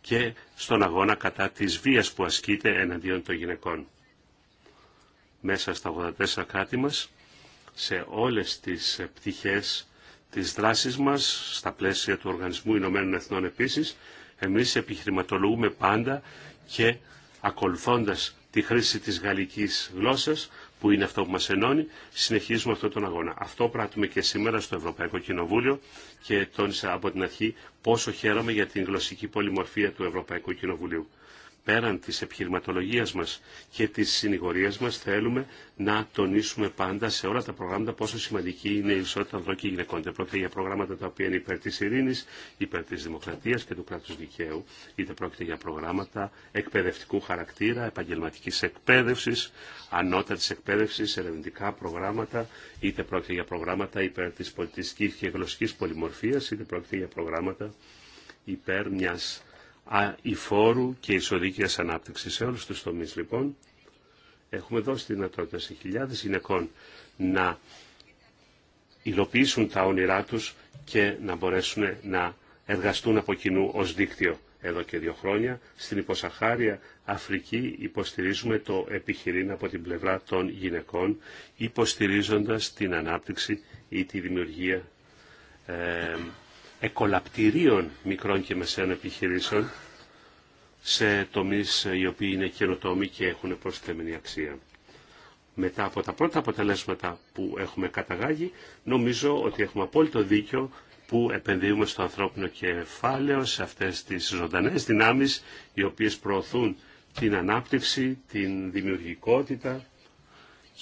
και στον αγώνα κατά τη βία που ασκείται εναντίον των γυναικών. Μέσα στα 84 κράτη μα, σε όλες τις πτυχέ τις δράσεις μας στα πλαίσια του Οργανισμού Ηνωμένων Εθνών επίσης. Εμείς επιχειρηματολογούμε πάντα και ακολουθώντας τη χρήση της γαλλικής γλώσσας που είναι αυτό που μας ενώνει, συνεχίζουμε αυτόν τον αγώνα. Αυτό πράττουμε και σήμερα στο Ευρωπαϊκό Κοινοβούλιο και τόνισα από την αρχή πόσο χαίρομαι για την γλωσσική πολυμορφία του Ευρωπαϊκού Κοινοβουλίου πέραν της επιχειρηματολογίας μας και της συνηγορίας μας θέλουμε να τονίσουμε πάντα σε όλα τα προγράμματα πόσο σημαντική είναι η ισότητα ανδρών και γυναικών. Είτε πρόκειται για προγράμματα τα οποία είναι υπέρ της ειρήνης, υπέρ της δημοκρατίας και του κράτους δικαίου, είτε πρόκειται για προγράμματα εκπαιδευτικού χαρακτήρα, επαγγελματικής εκπαίδευσης, ανώτατης εκπαίδευσης, ερευνητικά προγράμματα, είτε πρόκειται για προγράμματα υπέρ της πολιτιστικής και γλωσσικής πολυμορφίας, είτε πρόκειται για προγράμματα υπέρ μιας φόρου και ισοδίκαιας ανάπτυξης. Σε όλους τους τομείς λοιπόν έχουμε δώσει τη δυνατότητα σε χιλιάδες γυναικών να υλοποιήσουν τα όνειρά τους και να μπορέσουν να εργαστούν από κοινού ως δίκτυο. Εδώ και δύο χρόνια στην υποσαχάρια Αφρική υποστηρίζουμε το επιχειρήν από την πλευρά των γυναικών υποστηρίζοντας την ανάπτυξη ή τη δημιουργία ε, εκολαπτηρίων μικρών και μεσαίων επιχειρήσεων σε τομείς οι οποίοι είναι καινοτόμοι και έχουν προσθέμενη αξία. Μετά από τα πρώτα αποτελέσματα που έχουμε καταγάγει, νομίζω ότι έχουμε απόλυτο δίκιο που επενδύουμε στο ανθρώπινο κεφάλαιο, σε αυτές τις ζωντανές δυνάμεις, οι οποίες προωθούν την ανάπτυξη, την δημιουργικότητα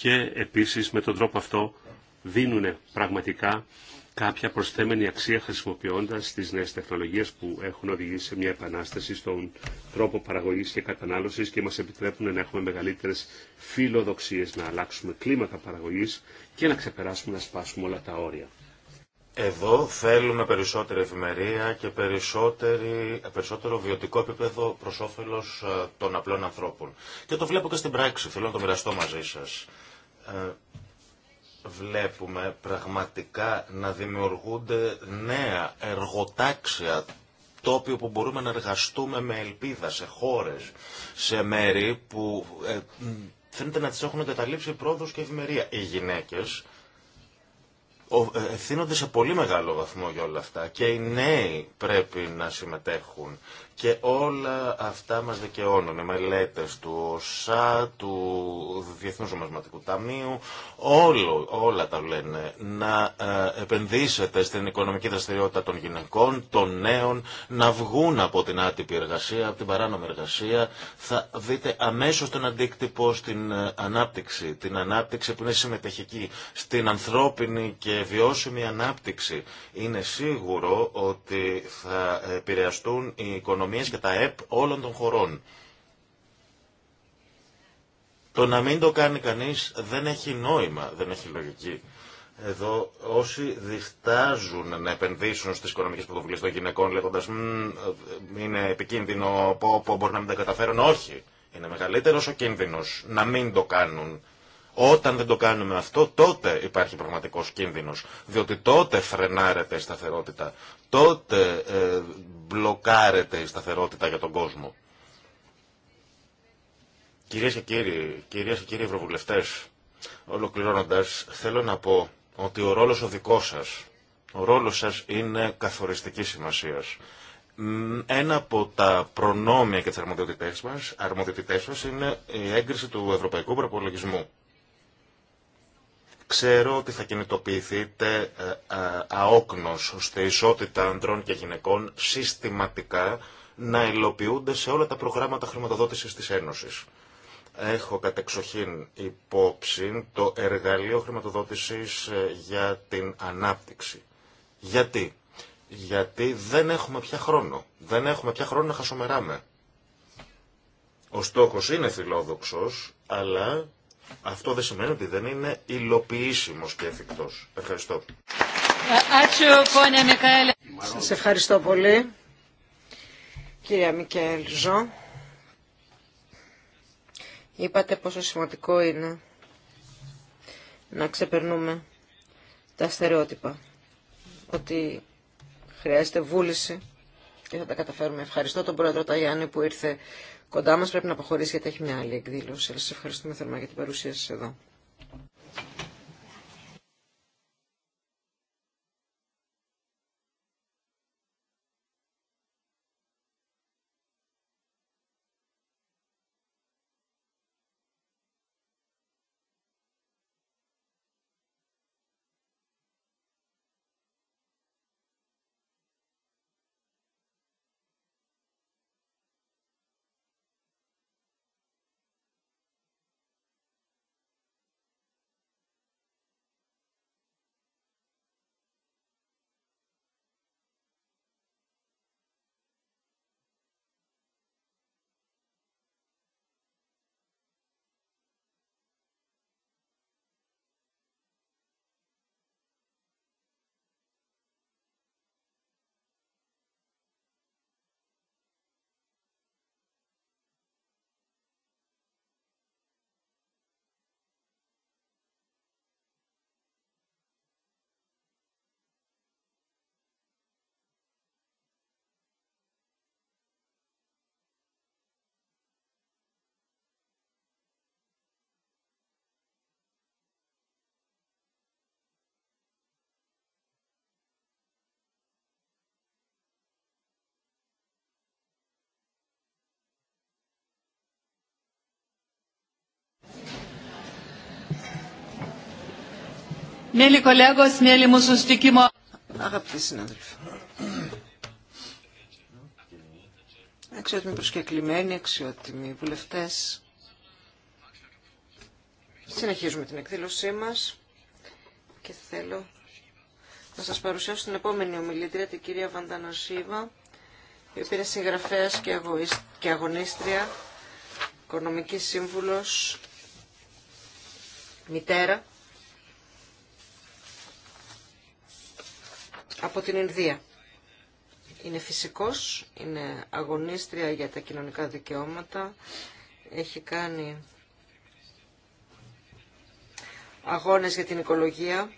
και επίσης με τον τρόπο αυτό δίνουν πραγματικά κάποια προσθέμενη αξία χρησιμοποιώντας τις νέες τεχνολογίες που έχουν οδηγήσει σε μια επανάσταση στον τρόπο παραγωγής και κατανάλωσης και μας επιτρέπουν να έχουμε μεγαλύτερες φιλοδοξίες, να αλλάξουμε κλίματα παραγωγής και να ξεπεράσουμε να σπάσουμε όλα τα όρια. Εδώ θέλουμε περισσότερη ευημερία και περισσότερη, περισσότερο βιωτικό επίπεδο προ όφελο ε, των απλών ανθρώπων. Και το βλέπω και στην πράξη. Θέλω να το μοιραστώ μαζί σα. Ε, βλέπουμε πραγματικά να δημιουργούνται νέα εργοτάξια τόπιο που μπορούμε να εργαστούμε με ελπίδα σε χώρες, σε μέρη που ε, φαίνεται να τις έχουν καταλήψει πρόοδος και ευημερία. Οι γυναίκες ε, ευθύνονται σε πολύ μεγάλο βαθμό για όλα αυτά και οι νέοι πρέπει να συμμετέχουν και όλα αυτά μας δικαιώνουν. Οι μελέτες του ΩΣΑ του Διεθνούς Ομασματικού Ταμείου, όλο, όλα τα λένε να ε, επενδύσετε στην οικονομική δραστηριότητα των γυναικών, των νέων, να βγουν από την άτυπη εργασία, από την παράνομη εργασία. Θα δείτε αμέσως τον αντίκτυπο στην ε, ανάπτυξη, την ανάπτυξη που είναι συμμετεχική, στην ανθρώπινη και βιώσιμη ανάπτυξη. Είναι σίγουρο ότι θα επηρεαστούν οι οικονομίες και τα ΕΠ όλων των χωρών. Το να μην το κάνει κανείς δεν έχει νόημα, δεν έχει λογική. Εδώ όσοι διστάζουν να επενδύσουν στις οικονομικές πρωτοβουλίες των γυναικών λέγοντας είναι επικίνδυνο, πω, πω, μπορεί να μην τα καταφέρουν, όχι. Είναι μεγαλύτερος ο κίνδυνος να μην το κάνουν όταν δεν το κάνουμε αυτό, τότε υπάρχει πραγματικός κίνδυνος, διότι τότε φρενάρεται η σταθερότητα, τότε ε, μπλοκάρεται η σταθερότητα για τον κόσμο. Κυρίες και κύριοι, κυρίες και κύριοι ευρωβουλευτές, ολοκληρώνοντας, θέλω να πω ότι ο ρόλος ο δικός σας, ο ρόλος σας είναι καθοριστική σημασίας. Ένα από τα προνόμια και τις αρμοδιότητές μας, αρμοδιότητές είναι η έγκριση του ευρωπαϊκού προπολογισμού. Ξέρω ότι θα κινητοποιηθείτε ε, ε, αόκνος ώστε η ισότητα ανδρών και γυναικών συστηματικά να υλοποιούνται σε όλα τα προγράμματα χρηματοδότησης της Ένωσης. Έχω κατεξοχήν υπόψη το εργαλείο χρηματοδότησης ε, για την ανάπτυξη. Γιατί? Γιατί δεν έχουμε πια χρόνο. Δεν έχουμε πια χρόνο να χασομεράμε. Ο στόχος είναι φιλόδοξος, αλλά αυτό δεν σημαίνει ότι δεν είναι υλοποιήσιμος και εφικτός. Ευχαριστώ. Σας ευχαριστώ πολύ, κυρία Μικέλ Ζω. Είπατε πόσο σημαντικό είναι να ξεπερνούμε τα στερεότυπα. Ότι χρειάζεται βούληση και θα τα καταφέρουμε. Ευχαριστώ τον πρόεδρο Ταγιάννη που ήρθε κοντά μας πρέπει να αποχωρήσει γιατί έχει μια άλλη εκδήλωση. Σας ευχαριστούμε θερμά για την παρουσία σας εδώ. Μέλη κολέγος, μέλη μου συστηκήμα. Αγαπητοί συνάδελφοι. Αξιότιμοι προσκεκλημένοι, αξιότιμοι βουλευτές. Συνεχίζουμε την εκδήλωσή μας και θέλω να σας παρουσιάσω την επόμενη ομιλήτρια, την κυρία Βαντάνα η οποία είναι συγγραφέας και αγωνίστρια, οικονομική σύμβουλος, μητέρα από την Ινδία. Είναι φυσικός, είναι αγωνίστρια για τα κοινωνικά δικαιώματα, έχει κάνει αγώνες για την οικολογία.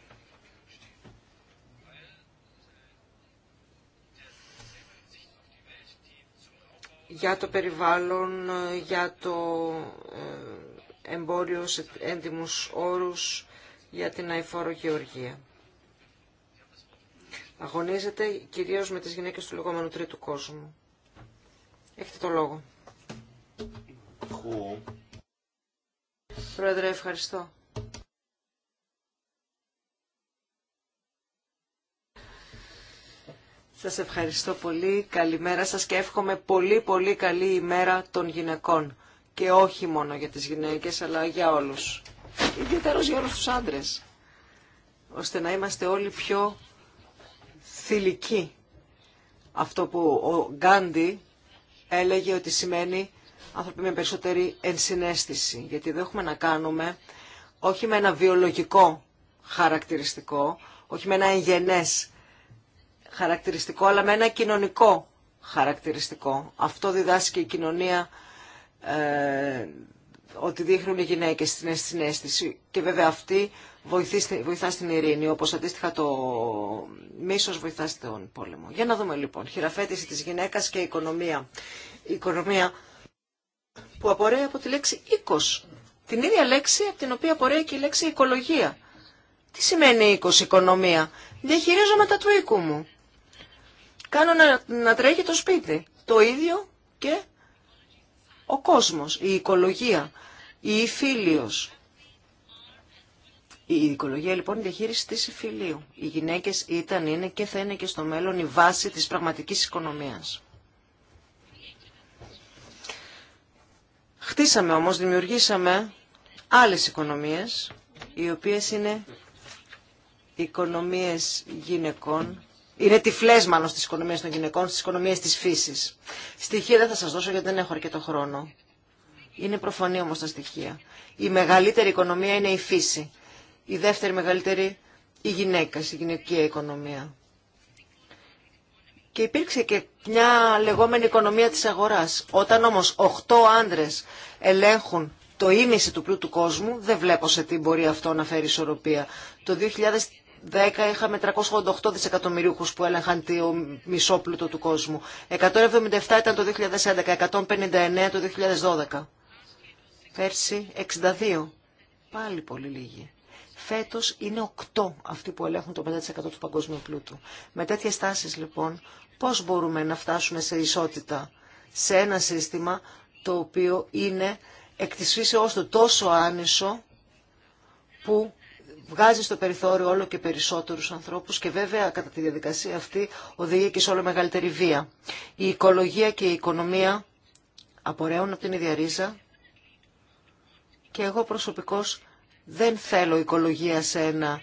για το περιβάλλον, για το ε, εμπόριο σε έντιμους όρους, για την αηφόρο γεωργία αγωνίζεται κυρίως με τις γυναίκες του λεγόμενου τρίτου κόσμου. Έχετε το λόγο. Cool. Πρόεδρε, ευχαριστώ. Σας ευχαριστώ πολύ. Καλημέρα σας και εύχομαι πολύ πολύ καλή ημέρα των γυναικών. Και όχι μόνο για τις γυναίκες, αλλά για όλους. Ιδιαίτερος για όλους τους άντρες. Ώστε να είμαστε όλοι πιο θηλυκή. Αυτό που ο Γκάντι έλεγε ότι σημαίνει άνθρωποι με περισσότερη ενσυναίσθηση. Γιατί δεν έχουμε να κάνουμε όχι με ένα βιολογικό χαρακτηριστικό, όχι με ένα εγγενές χαρακτηριστικό, αλλά με ένα κοινωνικό χαρακτηριστικό. Αυτό διδάσκει και η κοινωνία ε, ότι δείχνουν οι γυναίκες την συνέστηση και βέβαια αυτή βοηθά στην ειρήνη, όπως αντίστοιχα το μίσο βοηθά τον πόλεμο. Για να δούμε λοιπόν, χειραφέτηση τη γυναίκα και οικονομία. Η οικονομία που απορρέει από τη λέξη οίκο. Την ίδια λέξη από την οποία απορρέει και η λέξη οικολογία. Τι σημαίνει οίκο, οικονομία. Διαχειρίζομαι τα του οίκου μου. Κάνω να, να τρέχει το σπίτι. Το ίδιο και ο κόσμος, η οικολογία, η υφήλιος, η οικολογία λοιπόν η διαχείριση τη υφηλίου. Οι γυναίκε ήταν, είναι και θα είναι και στο μέλλον η βάση τη πραγματική οικονομία. Χτίσαμε όμως, δημιουργήσαμε άλλες οικονομίες, οι οποίες είναι οικονομίες γυναικών, είναι τυφλές μάλλον στις οικονομίες των γυναικών, στις οικονομίες της φύσης. Στοιχεία δεν θα σας δώσω γιατί δεν έχω αρκετό χρόνο. Είναι προφανή όμως τα στοιχεία. Η μεγαλύτερη οικονομία είναι η φύση η δεύτερη μεγαλύτερη η γυναίκα, η γυναικεία οικονομία. Και υπήρξε και μια λεγόμενη οικονομία της αγοράς. Όταν όμως 8 άντρες ελέγχουν το ίμιση του πλούτου κόσμου, δεν βλέπω σε τι μπορεί αυτό να φέρει ισορροπία. Το 2010 είχαμε 388 δισεκατομμυρίουχους που έλεγχαν το μισό πλούτο του κόσμου. 177 ήταν το 2011, 159 το 2012. Πέρσι 62. Πάλι πολύ λίγοι. Φέτο είναι 8 αυτοί που ελέγχουν το 5% του παγκόσμιου πλούτου. Με τέτοιε τάσει λοιπόν πώς μπορούμε να φτάσουμε σε ισότητα σε ένα σύστημα το οποίο είναι εκ τη φύσεω τόσο άνισο που βγάζει στο περιθώριο όλο και περισσότερους ανθρώπους και βέβαια κατά τη διαδικασία αυτή οδηγεί και σε όλο μεγαλύτερη βία. Η οικολογία και η οικονομία απορρέουν από την ίδια ρίζα και εγώ προσωπικώς δεν θέλω οικολογία σε ένα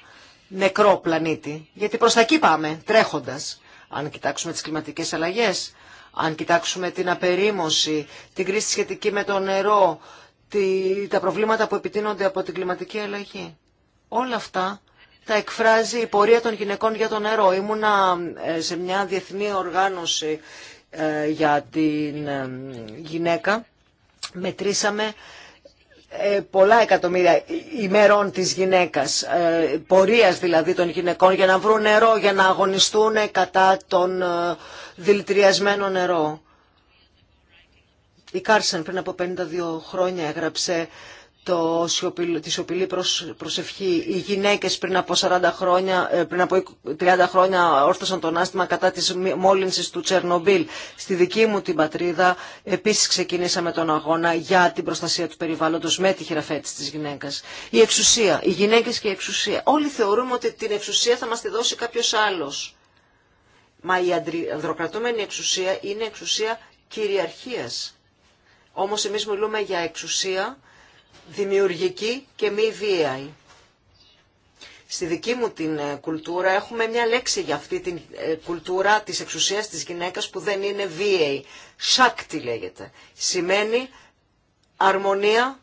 νεκρό πλανήτη, γιατί προς τα εκεί πάμε, τρέχοντας. Αν κοιτάξουμε τις κλιματικές αλλαγές, αν κοιτάξουμε την απερίμωση, την κρίση σχετική με το νερό, τα προβλήματα που επιτείνονται από την κλιματική αλλαγή. Όλα αυτά τα εκφράζει η πορεία των γυναικών για το νερό. Ήμουνα ε, σε μια διεθνή οργάνωση ε, για την ε, γυναίκα. Μετρήσαμε ε, πολλά εκατομμύρια ημερών της γυναίκας, ε, πορείας δηλαδή των γυναικών για να βρουν νερό, για να αγωνιστούν κατά τον ε, δηλητηριασμένο νερό. Η Κάρσεν πριν από 52 χρόνια έγραψε το τη σιωπηλή προσευχή. Οι γυναίκες πριν από, 40 χρόνια, ε, πριν από 30 χρόνια όρθωσαν τον άστημα κατά της μόλυνσης του Τσερνομπίλ. Στη δική μου την πατρίδα επίσης ξεκινήσαμε τον αγώνα για την προστασία του περιβάλλοντος με τη χειραφέτηση της γυναίκας. Η εξουσία, οι γυναίκες και η εξουσία. Όλοι θεωρούμε ότι την εξουσία θα μας τη δώσει κάποιος άλλος. Μα η ανδροκρατούμενη εξουσία είναι εξουσία κυριαρχίας. Όμως εμείς μιλούμε για εξουσία δημιουργική και μη βιαή. Στη δική μου την ε, κουλτούρα έχουμε μια λέξη για αυτή την ε, κουλτούρα της εξουσίας της γυναίκας που δεν είναι βίαιη. Σάκτη λέγεται. Σημαίνει αρμονία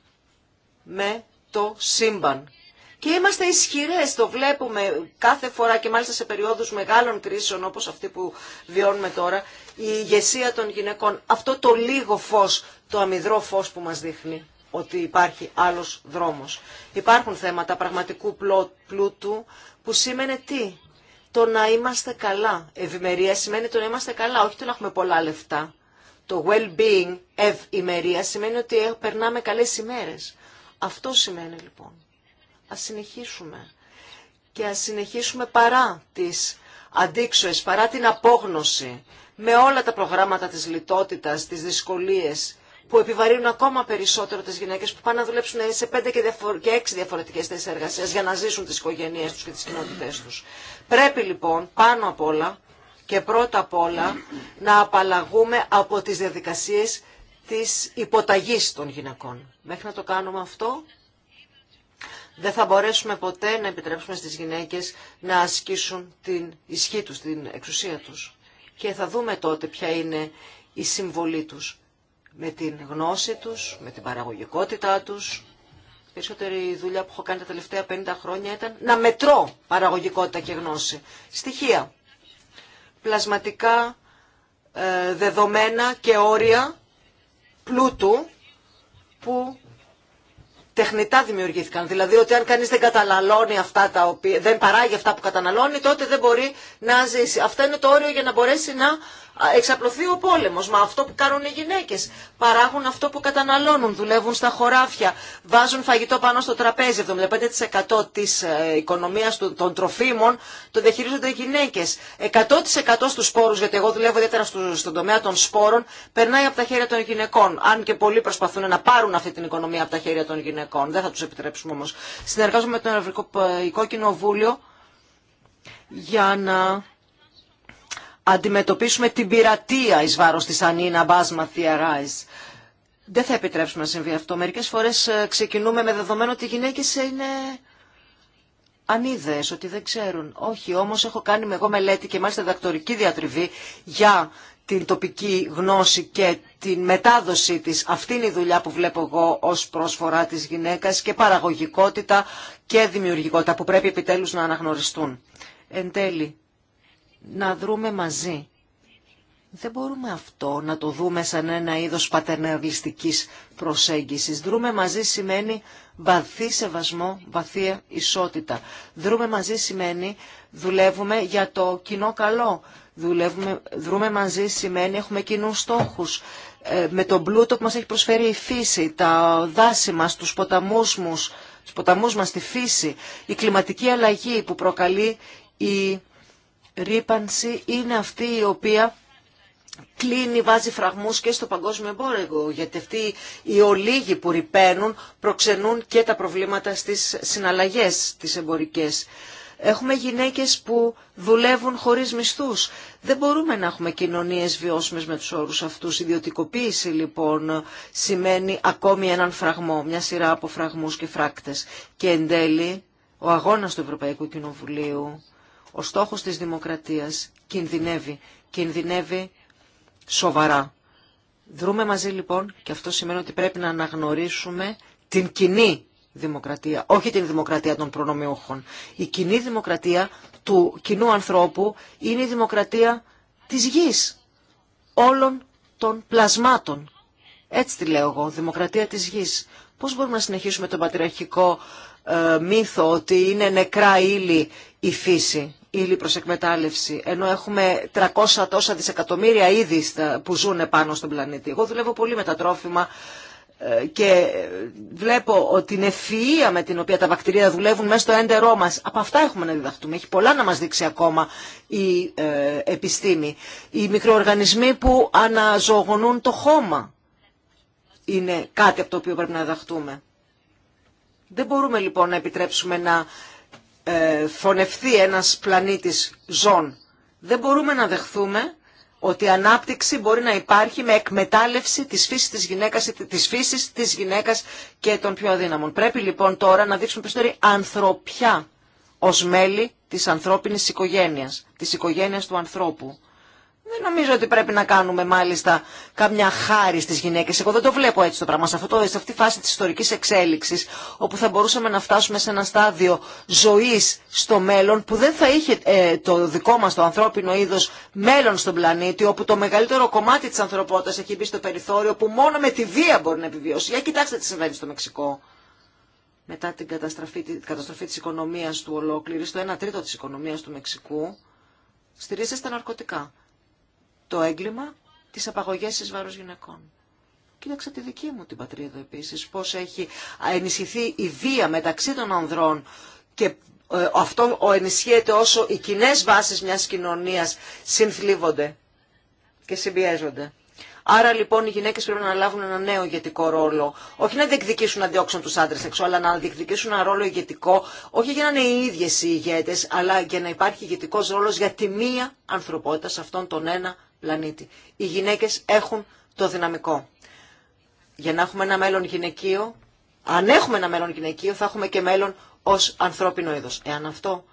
με το σύμπαν. Και είμαστε ισχυρές, το βλέπουμε κάθε φορά και μάλιστα σε περιόδους μεγάλων κρίσεων όπως αυτή που βιώνουμε τώρα, η ηγεσία των γυναικών, αυτό το λίγο φως, το αμυδρό φως που μας δείχνει ότι υπάρχει άλλος δρόμος. Υπάρχουν θέματα πραγματικού πλούτου που σήμαινε τι. Το να είμαστε καλά. Ευημερία σημαίνει το να είμαστε καλά, όχι το να έχουμε πολλά λεφτά. Το well-being, ευημερία, σημαίνει ότι ε, περνάμε καλές ημέρες. Αυτό σημαίνει λοιπόν. Ας συνεχίσουμε. Και ας συνεχίσουμε παρά τις αντίξωες, παρά την απόγνωση, με όλα τα προγράμματα της λιτότητας, τις δυσκολίες, που επιβαρύνουν ακόμα περισσότερο τι γυναίκε που πάνε να δουλέψουν σε πέντε και 6 διαφορετικέ θέσει εργασία για να ζήσουν τι οικογένειε του και τι κοινότητε του. Πρέπει λοιπόν πάνω απ' όλα και πρώτα απ' όλα να απαλλαγούμε από τι διαδικασίε τη υποταγή των γυναικών. Μέχρι να το κάνουμε αυτό δεν θα μπορέσουμε ποτέ να επιτρέψουμε στις γυναίκες να ασκήσουν την ισχύ τους, την εξουσία τους. Και θα δούμε τότε ποια είναι η συμβολή τους με την γνώση τους, με την παραγωγικότητά τους. Η περισσότερη δουλειά που έχω κάνει τα τελευταία 50 χρόνια ήταν να μετρώ παραγωγικότητα και γνώση. Στοιχεία. Πλασματικά ε, δεδομένα και όρια πλούτου που τεχνητά δημιουργήθηκαν. Δηλαδή ότι αν κανείς δεν καταναλώνει αυτά τα οποία, δεν παράγει αυτά που καταναλώνει, τότε δεν μπορεί να ζήσει. Αυτό είναι το όριο για να μπορέσει να εξαπλωθεί ο πόλεμος. Μα αυτό που κάνουν οι γυναίκες, παράγουν αυτό που καταναλώνουν, δουλεύουν στα χωράφια, βάζουν φαγητό πάνω στο τραπέζι. 75% της ε, οικονομίας των τροφίμων το διαχειρίζονται οι γυναίκες. 100% στους σπόρους, γιατί εγώ δουλεύω ιδιαίτερα στον τομέα των σπόρων, περνάει από τα χέρια των γυναικών. Αν και πολλοί προσπαθούν να πάρουν αυτή την οικονομία από τα χέρια των γυναικών. Δεν θα τους επιτρέψουμε όμως. Συνεργάζομαι με το Ευρωπαϊκό Κοινοβούλιο για να αντιμετωπίσουμε την πειρατεία εις βάρος της Ανίνα Μπάσμα Θιαράης. Δεν θα επιτρέψουμε να συμβεί αυτό. Μερικές φορές ε, ξεκινούμε με δεδομένο ότι οι γυναίκες είναι ανίδεες, ότι δεν ξέρουν. Όχι, όμως έχω κάνει εγώ μελέτη και μάλιστα δακτορική διατριβή για την τοπική γνώση και την μετάδοση της. Αυτή είναι η δουλειά που βλέπω εγώ ως πρόσφορα της γυναίκας και παραγωγικότητα και δημιουργικότητα που πρέπει επιτέλους να αναγνωριστούν. Εν τέλει, να δρούμε μαζί. Δεν μπορούμε αυτό να το δούμε σαν ένα είδος πατερναλιστικής προσέγγισης. Δρούμε μαζί σημαίνει βαθύ σεβασμό, βαθία ισότητα. Δρούμε μαζί σημαίνει δουλεύουμε για το κοινό καλό. Δουλεύουμε, δρούμε μαζί σημαίνει έχουμε κοινούς στόχους. Ε, με τον πλούτο που μας έχει προσφέρει η φύση, τα δάση μας, τους ποταμούς, μας, τους τη φύση, η κλιματική αλλαγή που προκαλεί η ρήπανση είναι αυτή η οποία κλείνει, βάζει φραγμούς και στο παγκόσμιο εμπόρεγο, γιατί αυτοί οι ολίγοι που ρηπαίνουν προξενούν και τα προβλήματα στις συναλλαγές τις εμπορικές. Έχουμε γυναίκες που δουλεύουν χωρίς μισθούς. Δεν μπορούμε να έχουμε κοινωνίες βιώσιμες με τους όρους αυτούς. Η ιδιωτικοποίηση λοιπόν σημαίνει ακόμη έναν φραγμό, μια σειρά από φραγμούς και φράκτες. Και εν τέλει ο αγώνας του Ευρωπαϊκού Κοινοβουλίου ο στόχος της δημοκρατίας κινδυνεύει. Κινδυνεύει σοβαρά. Δρούμε μαζί λοιπόν και αυτό σημαίνει ότι πρέπει να αναγνωρίσουμε την κοινή δημοκρατία, όχι την δημοκρατία των προνομιούχων. Η κοινή δημοκρατία του κοινού ανθρώπου είναι η δημοκρατία της γης, όλων των πλασμάτων. Έτσι τη λέω εγώ, δημοκρατία της γης. Πώς μπορούμε να συνεχίσουμε τον πατριαρχικό ε, μύθο ότι είναι νεκρά ύλη η φύση ύλη προς εκμετάλλευση, ενώ έχουμε 300 τόσα δισεκατομμύρια είδη που ζουν πάνω στον πλανήτη. Εγώ δουλεύω πολύ με τα τρόφιμα ε, και βλέπω ότι την ευφυΐα με την οποία τα βακτηρία δουλεύουν μέσα στο έντερό μας, από αυτά έχουμε να διδαχτούμε. Έχει πολλά να μας δείξει ακόμα η ε, επιστήμη. Οι μικροοργανισμοί που αναζωογονούν το χώμα είναι κάτι από το οποίο πρέπει να διδαχτούμε. Δεν μπορούμε λοιπόν να επιτρέψουμε να ε, φωνευτεί ένας πλανήτης ζών. Δεν μπορούμε να δεχθούμε ότι η ανάπτυξη μπορεί να υπάρχει με εκμετάλλευση της φύσης της γυναίκας, της φύσης της γυναίκας και των πιο αδύναμων. Πρέπει λοιπόν τώρα να δείξουμε περισσότερη ανθρωπιά ως μέλη της ανθρώπινης οικογένειας, της οικογένειας του ανθρώπου. Δεν νομίζω ότι πρέπει να κάνουμε μάλιστα καμιά χάρη στις γυναίκες. Εγώ δεν το βλέπω έτσι το πράγμα. Σε, αυτό σε αυτή τη φάση της ιστορικής εξέλιξης, όπου θα μπορούσαμε να φτάσουμε σε ένα στάδιο ζωής στο μέλλον, που δεν θα είχε ε, το δικό μας το ανθρώπινο είδος μέλλον στον πλανήτη, όπου το μεγαλύτερο κομμάτι της ανθρωπότητας έχει μπει στο περιθώριο, που μόνο με τη βία μπορεί να επιβιώσει. Για κοιτάξτε τι συμβαίνει στο Μεξικό. Μετά την καταστροφή, την καταστροφή της οικονομίας του ολόκληρης, το 1 τρίτο της οικονομίας του Μεξικού. στηρίζεται στα ναρκωτικά το έγκλημα της απαγωγές εις βάρος γυναικών. Κοίταξα τη δική μου την πατρίδα επίσης, πώς έχει ενισχυθεί η βία μεταξύ των ανδρών και ε, αυτό ο ενισχύεται όσο οι κοινέ βάσεις μιας κοινωνίας συνθλίβονται και συμπιέζονται. Άρα λοιπόν οι γυναίκε πρέπει να λάβουν ένα νέο ηγετικό ρόλο. Όχι να διεκδικήσουν να διώξουν του άντρε έξω, αλλά να διεκδικήσουν ένα ρόλο ηγετικό, όχι για να είναι οι ίδιε οι ηγέτε, αλλά για να υπάρχει ηγετικό ρόλο για τη μία ανθρωπότητα σε αυτόν τον ένα πλανήτη. Οι γυναίκες έχουν το δυναμικό. Για να έχουμε ένα μέλλον γυναικείο, αν έχουμε ένα μέλλον γυναικείο θα έχουμε και μέλλον ως ανθρώπινο είδος. Εάν αυτό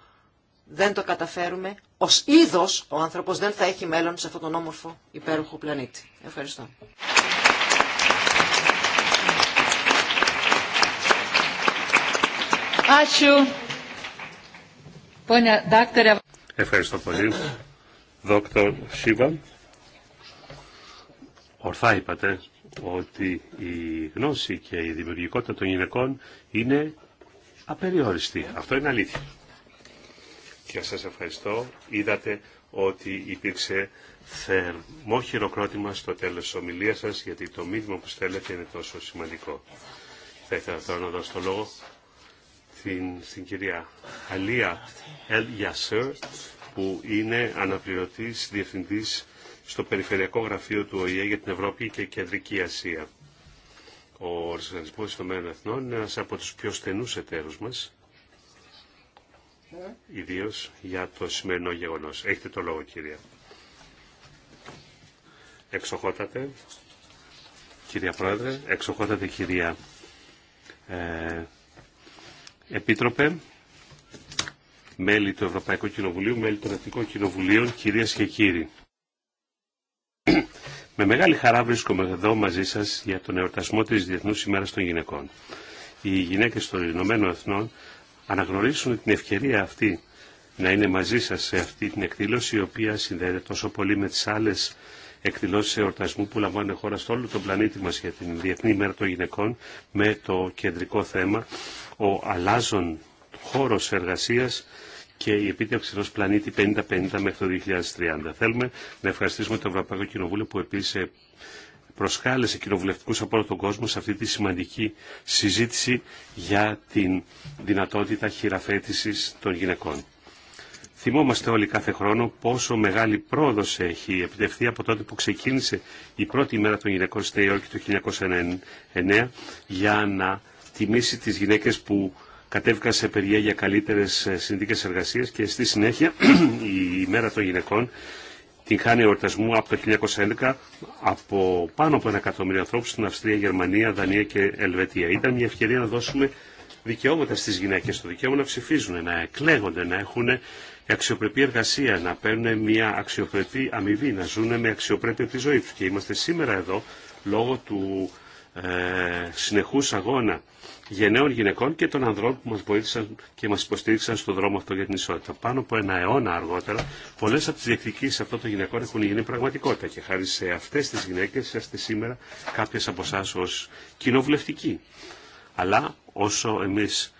δεν το καταφέρουμε, ως είδος ο άνθρωπος δεν θα έχει μέλλον σε αυτόν τον όμορφο υπέροχο πλανήτη. Ευχαριστώ. Ευχαριστώ πολύ. Δόκτωρ Σίβα. Ορθά είπατε ότι η γνώση και η δημιουργικότητα των γυναικών είναι απεριόριστη. Αυτό είναι αλήθεια. Και σας ευχαριστώ. Είδατε ότι υπήρξε θερμό χειροκρότημα στο τέλος της ομιλίας σας, γιατί το μήνυμα που στέλνετε είναι τόσο σημαντικό. Θα ήθελα τώρα να δώσω το λόγο στην, κυρία Αλία Ελ που είναι αναπληρωτής διευθυντής στο Περιφερειακό Γραφείο του ΟΗΕ για την Ευρώπη και Κεντρική Ασία. Ο Οργανισμό των Εθνών είναι ένα από του πιο στενού εταίρου μα, ιδίω για το σημερινό γεγονό. Έχετε το λόγο, κυρία. Εξοχότατε, κυρία Πρόεδρε, εξοχότατε, κυρία ε, Επίτροπε, μέλη του Ευρωπαϊκού Κοινοβουλίου, μέλη των Εθνικών Κοινοβουλίων, κυρίε και κύριοι. Με μεγάλη χαρά βρίσκομαι εδώ μαζί σας για τον εορτασμό της Διεθνούς ημέρας των Γυναικών. Οι γυναίκε των Ηνωμένων Εθνών αναγνωρίσουν την ευκαιρία αυτή να είναι μαζί σας σε αυτή την εκδήλωση η οποία συνδέεται τόσο πολύ με τις άλλες εκδηλώσει εορτασμού που λαμβάνουν χώρα στο όλο τον πλανήτη μας για την Διεθνή ημέρα των Γυναικών με το κεντρικό θέμα ο αλλάζον χώρο εργασία και η επίτευξη ενό πλανήτη 50-50 μέχρι το 2030. Θέλουμε να ευχαριστήσουμε το Ευρωπαϊκό Κοινοβούλιο που επίση προσκάλεσε κοινοβουλευτικού από όλο τον κόσμο σε αυτή τη σημαντική συζήτηση για την δυνατότητα χειραφέτηση των γυναικών. Θυμόμαστε όλοι κάθε χρόνο πόσο μεγάλη πρόοδο έχει επιτευχθεί από τότε που ξεκίνησε η πρώτη ημέρα των γυναικών στη Νέα Υόρκη το 1999 για να τιμήσει τις γυναίκες που κατέβηκαν σε παιδιά για καλύτερες ε, συνθήκες εργασίας και στη συνέχεια η μέρα των γυναικών την χάνει εορτασμού από το 1911 από πάνω από ένα εκατομμύριο ανθρώπου στην Αυστρία, Γερμανία, Δανία και Ελβετία. Ήταν μια ευκαιρία να δώσουμε δικαιώματα στι γυναίκες, το δικαίωμα να ψηφίζουν, να εκλέγονται, να έχουν αξιοπρεπή εργασία, να παίρνουν μια αξιοπρεπή αμοιβή, να ζουν με αξιοπρέπεια τη ζωή του. Και είμαστε σήμερα εδώ λόγω του ε, συνεχούς αγώνα γενναίων γυναικών και των ανδρών που μας βοήθησαν και μας υποστήριξαν στον δρόμο αυτό για την ισότητα. Πάνω από ένα αιώνα αργότερα, πολλές από τις διεκδικήσεις αυτών των γυναικών έχουν γίνει πραγματικότητα και χάρη σε αυτές τις γυναίκες είστε σήμερα κάποιες από εσά ως κοινοβουλευτικοί. Αλλά όσο εμείς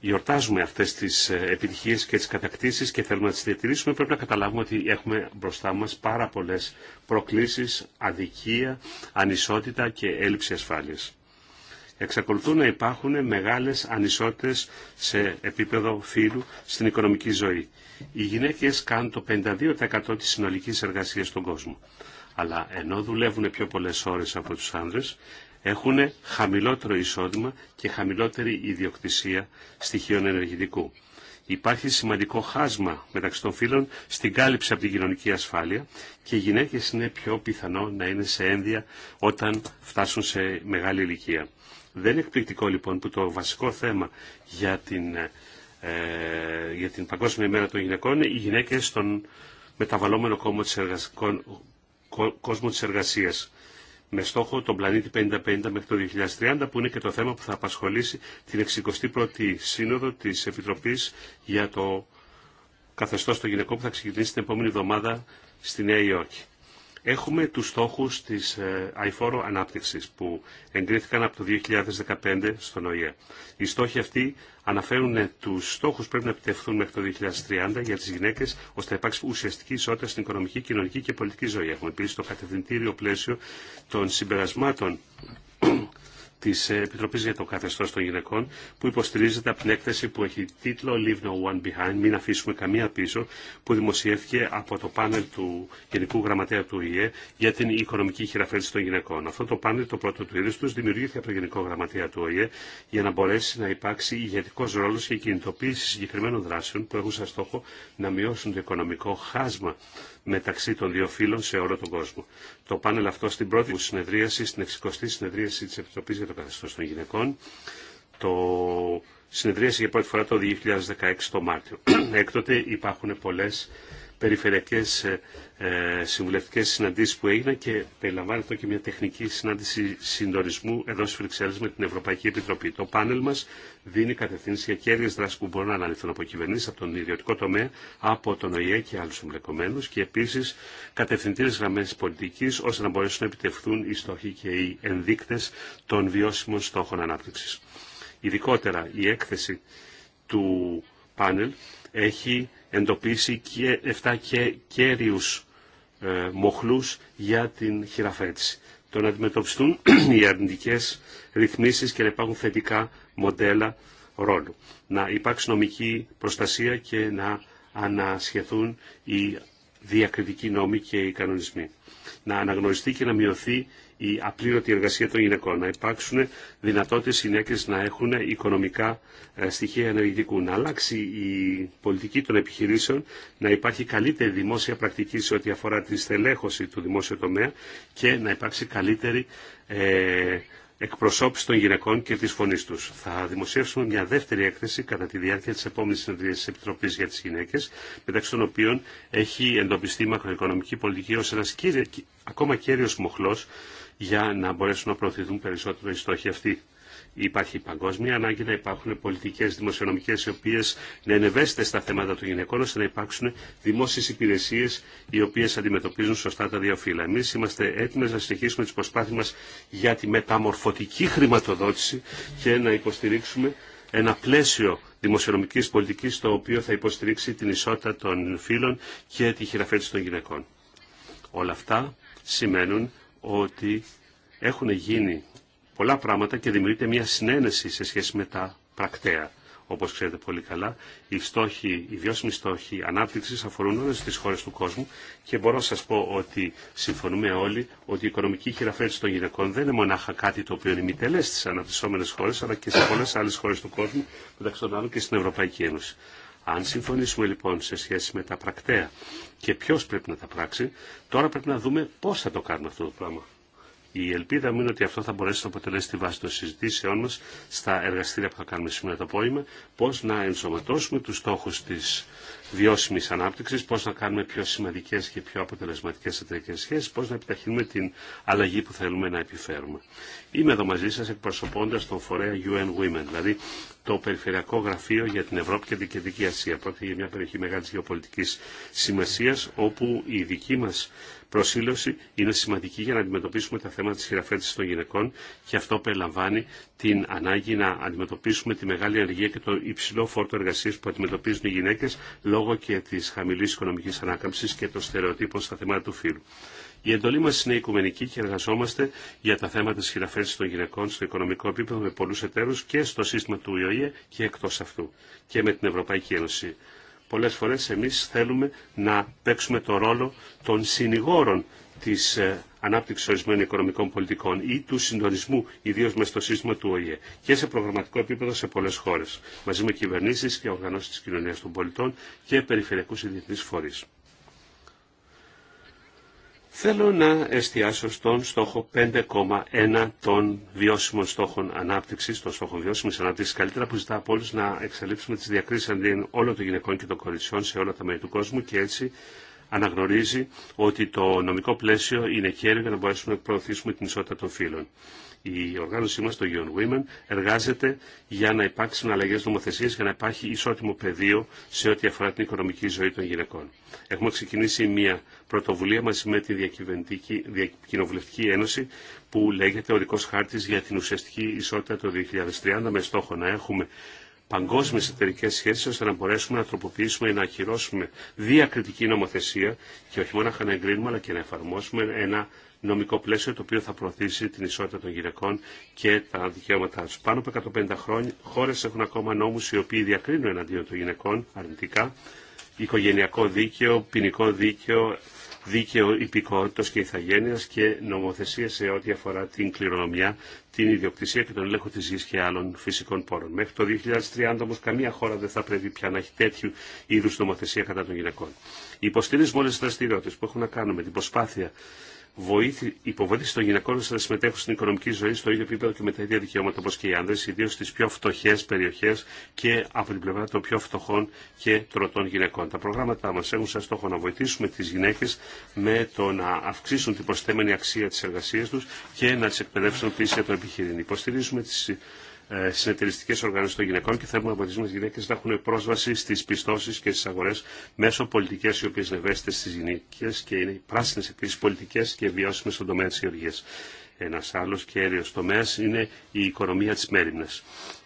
γιορτάζουμε αυτέ τι ε, επιτυχίε και τι κατακτήσει και θέλουμε να τι διατηρήσουμε, πρέπει να καταλάβουμε ότι έχουμε μπροστά μα πάρα πολλέ προκλήσει, αδικία, ανισότητα και έλλειψη ασφάλεια. Εξακολουθούν να υπάρχουν μεγάλε ανισότητε σε επίπεδο φύλου στην οικονομική ζωή. Οι γυναίκε κάνουν το 52% τη συνολική εργασία στον κόσμο. Αλλά ενώ δουλεύουν πιο πολλέ ώρε από του άνδρε, έχουν χαμηλότερο εισόδημα και χαμηλότερη ιδιοκτησία στοιχείων ενεργητικού. Υπάρχει σημαντικό χάσμα μεταξύ των φύλων στην κάλυψη από την κοινωνική ασφάλεια και οι γυναίκες είναι πιο πιθανό να είναι σε ένδια όταν φτάσουν σε μεγάλη ηλικία. Δεν είναι εκπληκτικό λοιπόν που το βασικό θέμα για την, ε, για την Παγκόσμια ημέρα των Γυναικών είναι οι γυναίκες στον μεταβαλλόμενο κόσμο της εργασίας με στόχο τον πλανήτη 50-50 μέχρι το 2030 που είναι και το θέμα που θα απασχολήσει την 61η Σύνοδο της Επιτροπής για το καθεστώς των γυναικών που θα ξεκινήσει την επόμενη εβδομάδα στη Νέα Υόρκη. Έχουμε τους στόχους της ε, αηφόρο ανάπτυξης που εγκρίθηκαν από το 2015 στον ΟΗΕ. Οι στόχοι αυτοί αναφέρουν ε, τους στόχους που πρέπει να επιτευχθούν μέχρι το 2030 για τις γυναίκες ώστε να υπάρξει ουσιαστική ισότητα στην οικονομική, κοινωνική και πολιτική ζωή. Έχουμε επίσης το κατευθυντήριο πλαίσιο των συμπερασμάτων τη ε, Επιτροπής για το Καθεστώ των Γυναικών που υποστηρίζεται από την έκθεση που έχει τίτλο Leave No One Behind, μην αφήσουμε καμία πίσω, που δημοσιεύθηκε από το πάνελ του Γενικού Γραμματέα του ΟΗΕ για την οικονομική χειραφέτηση των γυναικών. Αυτό το πάνελ, το πρώτο του είδου του, δημιουργήθηκε από το Γενικό Γραμματέα του ΟΗΕ για να μπορέσει να υπάρξει ηγετικό ρόλο και κινητοποίηση συγκεκριμένων δράσεων που έχουν σαν στόχο να μειώσουν το οικονομικό χάσμα μεταξύ των δύο φύλων σε όλο τον κόσμο. Το πάνελ αυτό στην πρώτη μου συνεδρίαση, στην 60 συνεδρίαση της Επιτροπή για το Καθεστώ των Γυναικών, το συνεδρίασε για πρώτη φορά το 2016 το Μάρτιο. Έκτοτε υπάρχουν πολλές περιφερειακές συμβουλευτικέ ε, συμβουλευτικές συναντήσεις που έγιναν και περιλαμβάνεται και μια τεχνική συνάντηση συντονισμού εδώ στις Βρυξέλλες με την Ευρωπαϊκή Επιτροπή. Το πάνελ μας δίνει κατευθύνσεις για κέρδες δράσεις που μπορούν να αναλυθούν από κυβερνήσεις, από τον ιδιωτικό τομέα, από τον ΟΗΕ και άλλους εμπλεκομένους και επίσης κατευθυντήρες γραμμές πολιτικής ώστε να μπορέσουν να επιτευχθούν οι στόχοι και οι ενδείκτε των βιώσιμων στόχων ανάπτυξη. Ειδικότερα η έκθεση του πάνελ έχει εντοπίσει και 7 και κέριους ε, μοχλούς για την χειραφέτηση. Το να αντιμετωπιστούν οι αρνητικές ρυθμίσεις και να υπάρχουν θετικά μοντέλα ρόλου. Να υπάρξει νομική προστασία και να ανασχεθούν οι διακριτικοί νόμοι και οι κανονισμοί. Να αναγνωριστεί και να μειωθεί η απλήρωτη εργασία των γυναικών, να υπάρξουν δυνατότητες γυναίκε να έχουν οικονομικά ε, στοιχεία ενεργητικού, να αλλάξει η πολιτική των επιχειρήσεων, να υπάρχει καλύτερη δημόσια πρακτική σε ό,τι αφορά τη στελέχωση του δημόσιου τομέα και να υπάρξει καλύτερη ε, εκπροσώπηση των γυναικών και τη φωνή του. Θα δημοσιεύσουμε μια δεύτερη έκθεση κατά τη διάρκεια τη επόμενη συνεδρία τη Επιτροπή για τι Γυναίκε, μεταξύ των οποίων έχει εντοπιστεί η μακροοικονομική πολιτική ω ένα ακόμα κέριο μοχλό για να μπορέσουν να προωθηθούν περισσότερο οι στόχοι αυτοί. Υπάρχει παγκόσμια ανάγκη να υπάρχουν πολιτικέ δημοσιονομικέ οι οποίε να είναι ευαίσθητε στα θέματα των γυναικών ώστε να υπάρξουν δημόσιε υπηρεσίε οι οποίε αντιμετωπίζουν σωστά τα δύο φύλλα. Εμεί είμαστε έτοιμε να συνεχίσουμε τι προσπάθειε μα για τη μεταμορφωτική χρηματοδότηση και να υποστηρίξουμε ένα πλαίσιο δημοσιονομική πολιτική το οποίο θα υποστηρίξει την ισότητα των φύλων και τη χειραφέτηση των γυναικών. Όλα αυτά σημαίνουν ότι έχουν γίνει πολλά πράγματα και δημιουργείται μια συνένεση σε σχέση με τα πρακτέα. Όπως ξέρετε πολύ καλά, οι, στόχοι, οι βιώσιμοι στόχοι ανάπτυξης αφορούν όλες τις χώρες του κόσμου και μπορώ να σας πω ότι συμφωνούμε όλοι ότι η οικονομική χειραφέτηση των γυναικών δεν είναι μονάχα κάτι το οποίο είναι μητελές στις αναπτυσσόμενες χώρες αλλά και σε πολλές άλλες χώρες του κόσμου μεταξύ των άλλων και στην Ευρωπαϊκή Ένωση. Αν συμφωνήσουμε λοιπόν σε σχέση με τα πρακτέα και ποιος πρέπει να τα πράξει, τώρα πρέπει να δούμε πώς θα το κάνουμε αυτό το πράγμα. Η ελπίδα μου είναι ότι αυτό θα μπορέσει να αποτελέσει τη βάση των συζητήσεών μα στα εργαστήρια που θα κάνουμε σήμερα το απόγευμα, πώ να ενσωματώσουμε του στόχου τη βιώσιμη ανάπτυξη, πώ να κάνουμε πιο σημαντικέ και πιο αποτελεσματικέ εταιρικέ σχέσει, πώ να επιταχύνουμε την αλλαγή που θέλουμε να επιφέρουμε. Είμαι εδώ μαζί σα εκπροσωπώντα τον φορέα UN Women, δηλαδή το Περιφερειακό Γραφείο για την Ευρώπη και την Κεντρική Ασία. Πρόκειται για μια περιοχή μεγάλη γεωπολιτική σημασία, όπου η δική μα προσήλωση είναι σημαντική για να αντιμετωπίσουμε τα θέματα της χειραφέτηση των γυναικών και αυτό περιλαμβάνει την ανάγκη να αντιμετωπίσουμε τη μεγάλη ανεργία και το υψηλό φόρτο εργασία που αντιμετωπίζουν οι γυναίκες λόγω και της χαμηλής οικονομικής ανάκαμψης και των στερεοτύπων στα θέματα του φύλου. Η εντολή μα είναι οικουμενική και εργαζόμαστε για τα θέματα τη χειραφέτηση των γυναικών στο οικονομικό επίπεδο με πολλού εταίρου και στο σύστημα του ΙΟΗΕ και εκτό αυτού και με την Ευρωπαϊκή Ένωση πολλές φορές εμείς θέλουμε να παίξουμε το ρόλο των συνηγόρων της ε, ανάπτυξη ορισμένων οικονομικών πολιτικών ή του συντονισμού, ιδίως με στο σύστημα του ΟΗΕ και σε προγραμματικό επίπεδο σε πολλές χώρες μαζί με κυβερνήσεις και οργανώσεις τη κοινωνία των πολιτών και περιφερειακούς ή φορείς. Θέλω να εστιάσω στον στόχο 5,1 των βιώσιμων στόχων ανάπτυξη, των στόχο βιώσιμη ανάπτυξη καλύτερα, που ζητά από όλου να εξαλείψουμε τι διακρίσει αντί όλων των γυναικών και των κοριτσιών σε όλα τα μέρη του κόσμου και έτσι αναγνωρίζει ότι το νομικό πλαίσιο είναι κέριο για να μπορέσουμε να προωθήσουμε την ισότητα των φύλων η οργάνωσή μας, το Young Women, εργάζεται για να υπάρξουν αλλαγές νομοθεσίες για να υπάρχει ισότιμο πεδίο σε ό,τι αφορά την οικονομική ζωή των γυναικών. Έχουμε ξεκινήσει μια πρωτοβουλία μαζί με τη Διακυβερνητική Ένωση που λέγεται Ορικός Χάρτης για την ουσιαστική ισότητα το 2030 με στόχο να έχουμε παγκόσμιε εταιρικέ σχέσει ώστε να μπορέσουμε να τροποποιήσουμε ή να ακυρώσουμε διακριτική νομοθεσία και όχι μόνο να εγκρίνουμε αλλά και να εφαρμόσουμε ένα νομικό πλαίσιο το οποίο θα προωθήσει την ισότητα των γυναικών και τα δικαιώματά του. Πάνω από 150 χρόνια χώρε έχουν ακόμα νόμου οι οποίοι διακρίνουν εναντίον των γυναικών αρνητικά. Οικογενειακό δίκαιο, ποινικό δίκαιο, δίκαιο υπηκότητα και ηθαγένεια και νομοθεσία σε ό,τι αφορά την κληρονομιά, την ιδιοκτησία και τον έλεγχο τη γη και άλλων φυσικών πόρων. Μέχρι το 2030 όμω καμία χώρα δεν θα πρέπει πια να έχει τέτοιου είδου νομοθεσία κατά των γυναικών. Υποστηρίζουμε όλε τι δραστηριότητε που έχουν να κάνουν με την προσπάθεια υποβοήθηση των γυναικών να συμμετέχουν στην οικονομική ζωή στο ίδιο επίπεδο και με τα ίδια δικαιώματα όπω και οι άνδρε, ιδίω στι πιο φτωχέ περιοχέ και από την πλευρά των πιο φτωχών και τρωτών γυναικών. Τα προγράμματα μα έχουν σαν στόχο να βοηθήσουμε τι γυναίκε με το να αυξήσουν την προσθέμενη αξία τη εργασία του και να τι εκπαιδεύσουν πίσω για το επιχειρήν. Ε, συνεταιριστικέ οργανώσει των γυναικών και θέλουμε να βοηθήσουμε τι γυναίκε να έχουν πρόσβαση στι πιστώσει και στι αγορέ μέσω πολιτικέ οι οποίε είναι ευαίσθητε στι γυναίκε και είναι πράσινε επίση πολιτικέ και βιώσιμε στον τομέα τη υγεία. Ένα άλλο κέριο τομέα είναι η οικονομία τη μέρημνα.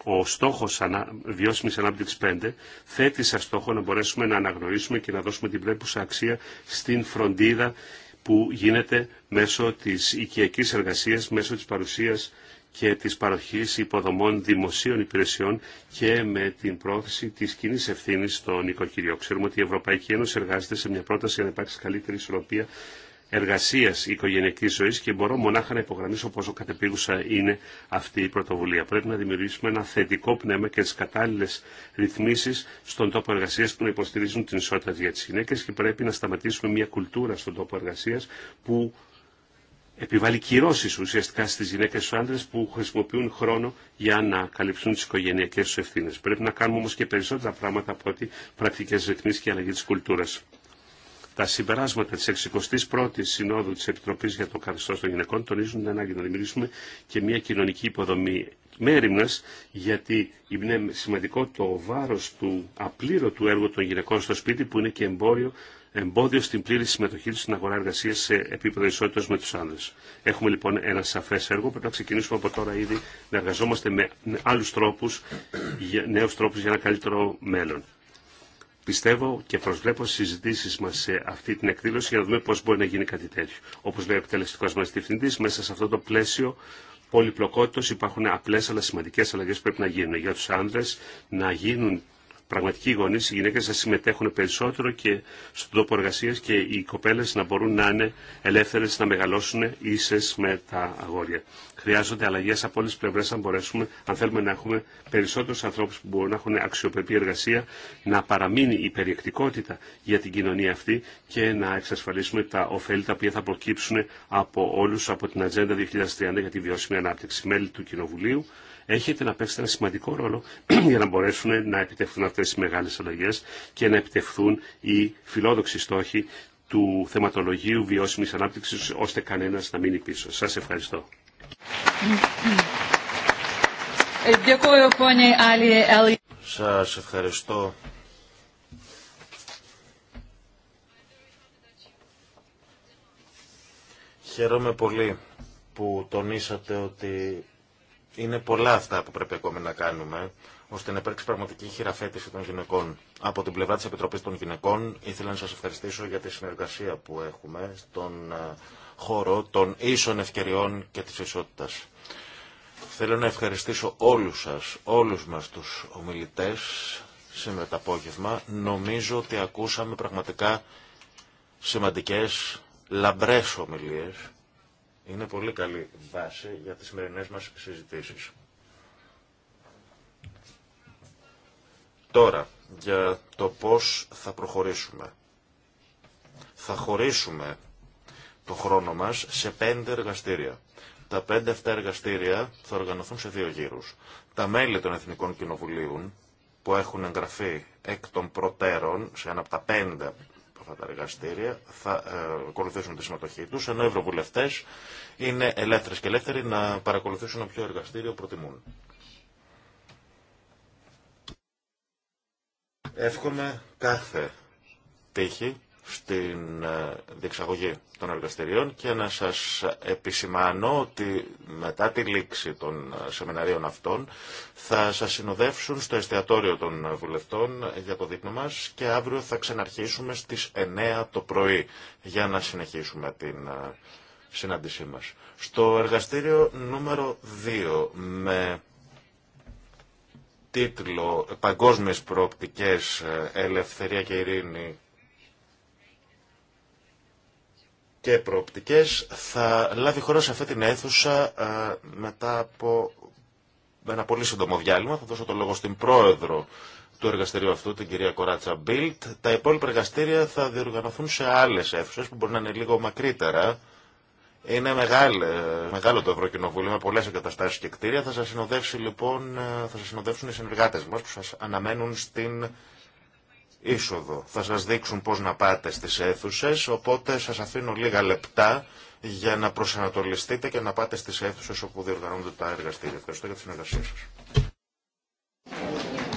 Ο στόχο ανα... βιώσιμη ανάπτυξη 5 θέτει σαν στόχο να μπορέσουμε να αναγνωρίσουμε και να δώσουμε την πρέπουσα αξία στην φροντίδα που γίνεται μέσω της οικιακή εργασίας, μέσω της παρουσίας και της παροχής υποδομών δημοσίων υπηρεσιών και με την πρόθεση της κοινή ευθύνη στο νοικοκυριό. Ξέρουμε ότι η Ευρωπαϊκή Ένωση εργάζεται σε μια πρόταση για να υπάρξει καλύτερη ισορροπία εργασία οικογενειακή ζωή και μπορώ μονάχα να υπογραμμίσω πόσο κατεπίγουσα είναι αυτή η πρωτοβουλία. Πρέπει να δημιουργήσουμε ένα θετικό πνεύμα και τι κατάλληλε ρυθμίσει στον τόπο εργασία που να υποστηρίζουν την ισότητα για τι γυναίκε και πρέπει να σταματήσουμε μια κουλτούρα στον τόπο εργασία που επιβάλλει κυρώσει ουσιαστικά στις γυναίκες στου άντρε που χρησιμοποιούν χρόνο για να καλυψούν τι οικογενειακέ του ευθύνε. Πρέπει να κάνουμε όμω και περισσότερα πράγματα από ό,τι πρακτικέ ρυθμίσει και αλλαγή τη κουλτούρα. Τα συμπεράσματα τη 61η Συνόδου τη Επιτροπή για το Καθεστώ των Γυναικών τονίζουν την ανάγκη να δημιουργήσουμε και μια κοινωνική υποδομή μέρημνα, γιατί είναι σημαντικό το βάρο του απλήρωτου έργου των γυναικών στο σπίτι, που είναι και εμπόριο εμπόδιο στην πλήρη συμμετοχή του στην αγορά εργασία σε επίπεδο ισότητα με του άνδρε. Έχουμε λοιπόν ένα σαφέ έργο. Πρέπει να ξεκινήσουμε από τώρα ήδη να εργαζόμαστε με άλλου τρόπου, νέου τρόπου για ένα καλύτερο μέλλον. Πιστεύω και προσβλέπω συζητήσει μα σε αυτή την εκδήλωση για να δούμε πώ μπορεί να γίνει κάτι τέτοιο. Όπω λέει ο εκτελεστικό μα διευθυντή, μέσα σε αυτό το πλαίσιο πολυπλοκότητος υπάρχουν απλές αλλά σημαντικέ αλλαγέ που πρέπει να γίνουν για του άνδρε να γίνουν πραγματικοί γονείς, οι γυναίκες να συμμετέχουν περισσότερο και στον τόπο εργασία και οι κοπέλες να μπορούν να είναι ελεύθερες, να μεγαλώσουν ίσες με τα αγόρια. Χρειάζονται αλλαγέ από όλε τι πλευρέ αν μπορέσουμε, αν θέλουμε να έχουμε περισσότερου ανθρώπου που μπορούν να έχουν αξιοπρεπή εργασία, να παραμείνει η περιεκτικότητα για την κοινωνία αυτή και να εξασφαλίσουμε τα ωφέλη τα οποία θα προκύψουν από όλου από την Ατζέντα 2030 για τη βιώσιμη ανάπτυξη. Μέλη του Κοινοβουλίου, έχετε να παίξετε ένα σημαντικό ρόλο για να μπορέσουν να επιτευχθούν αυτές οι μεγάλες αλλαγές και να επιτευχθούν οι φιλόδοξοι στόχοι του θεματολογίου βιώσιμης ανάπτυξης ώστε κανένας να μείνει πίσω. Σας ευχαριστώ. Σας ευχαριστώ. Χαίρομαι πολύ που τονίσατε ότι είναι πολλά αυτά που πρέπει ακόμη να κάνουμε, ώστε να υπάρξει πραγματική χειραφέτηση των γυναικών. Από την πλευρά τη Επιτροπή των Γυναικών, ήθελα να σα ευχαριστήσω για τη συνεργασία που έχουμε στον ε, χώρο των ίσων ευκαιριών και τη ισότητα. Θέλω να ευχαριστήσω όλους σας, όλους μας τους ομιλητές σήμερα το απόγευμα. Νομίζω ότι ακούσαμε πραγματικά σημαντικές λαμπρές ομιλίες είναι πολύ καλή βάση για τις σημερινές μας συζητήσεις. Τώρα, για το πώς θα προχωρήσουμε. Θα χωρίσουμε το χρόνο μας σε πέντε εργαστήρια. Τα πέντε αυτά εργαστήρια θα οργανωθούν σε δύο γύρους. Τα μέλη των Εθνικών Κοινοβουλίων που έχουν εγγραφεί εκ των προτέρων σε ένα από τα πέντε τα εργαστήρια θα ε, ακολουθήσουν τη συμμετοχή τους, ενώ οι ευρωβουλευτές είναι ελεύθερες και ελεύθεροι να παρακολουθήσουν όποιο εργαστήριο προτιμούν. Εύχομαι κάθε τύχη στην ε, διεξαγωγή των εργαστηρίων και να σας επισημάνω ότι μετά τη λήξη των ε, σεμιναρίων αυτών θα σας συνοδεύσουν στο εστιατόριο των βουλευτών για το δείπνο μας και αύριο θα ξαναρχίσουμε στις 9 το πρωί για να συνεχίσουμε την ε, συνάντησή μας. Στο εργαστήριο νούμερο 2 με τίτλο «Παγκόσμιες προοπτικές ελευθερία και ειρήνη και προοπτικές θα λάβει χώρα σε αυτή την αίθουσα ε, μετά από ένα πολύ σύντομο διάλειμμα. Θα δώσω το λόγο στην πρόεδρο του εργαστηρίου αυτού, την κυρία Κοράτσα Μπίλτ. Τα υπόλοιπα εργαστήρια θα διοργανωθούν σε άλλες αίθουσες που μπορεί να είναι λίγο μακρύτερα. Είναι μεγάλο, μεγάλο το Ευρωκοινοβούλιο με πολλές εγκαταστάσεις και κτίρια. Θα σας, συνοδεύσει, λοιπόν, ε, θα σας συνοδεύσουν οι συνεργάτες μας που σας αναμένουν στην είσοδο. Θα σας δείξουν πώς να πάτε στις αίθουσες, οπότε σας αφήνω λίγα λεπτά για να προσανατολιστείτε και να πάτε στις αίθουσες όπου διοργανώνται τα εργαστήρια. Ευχαριστώ για τη συνεργασία σας.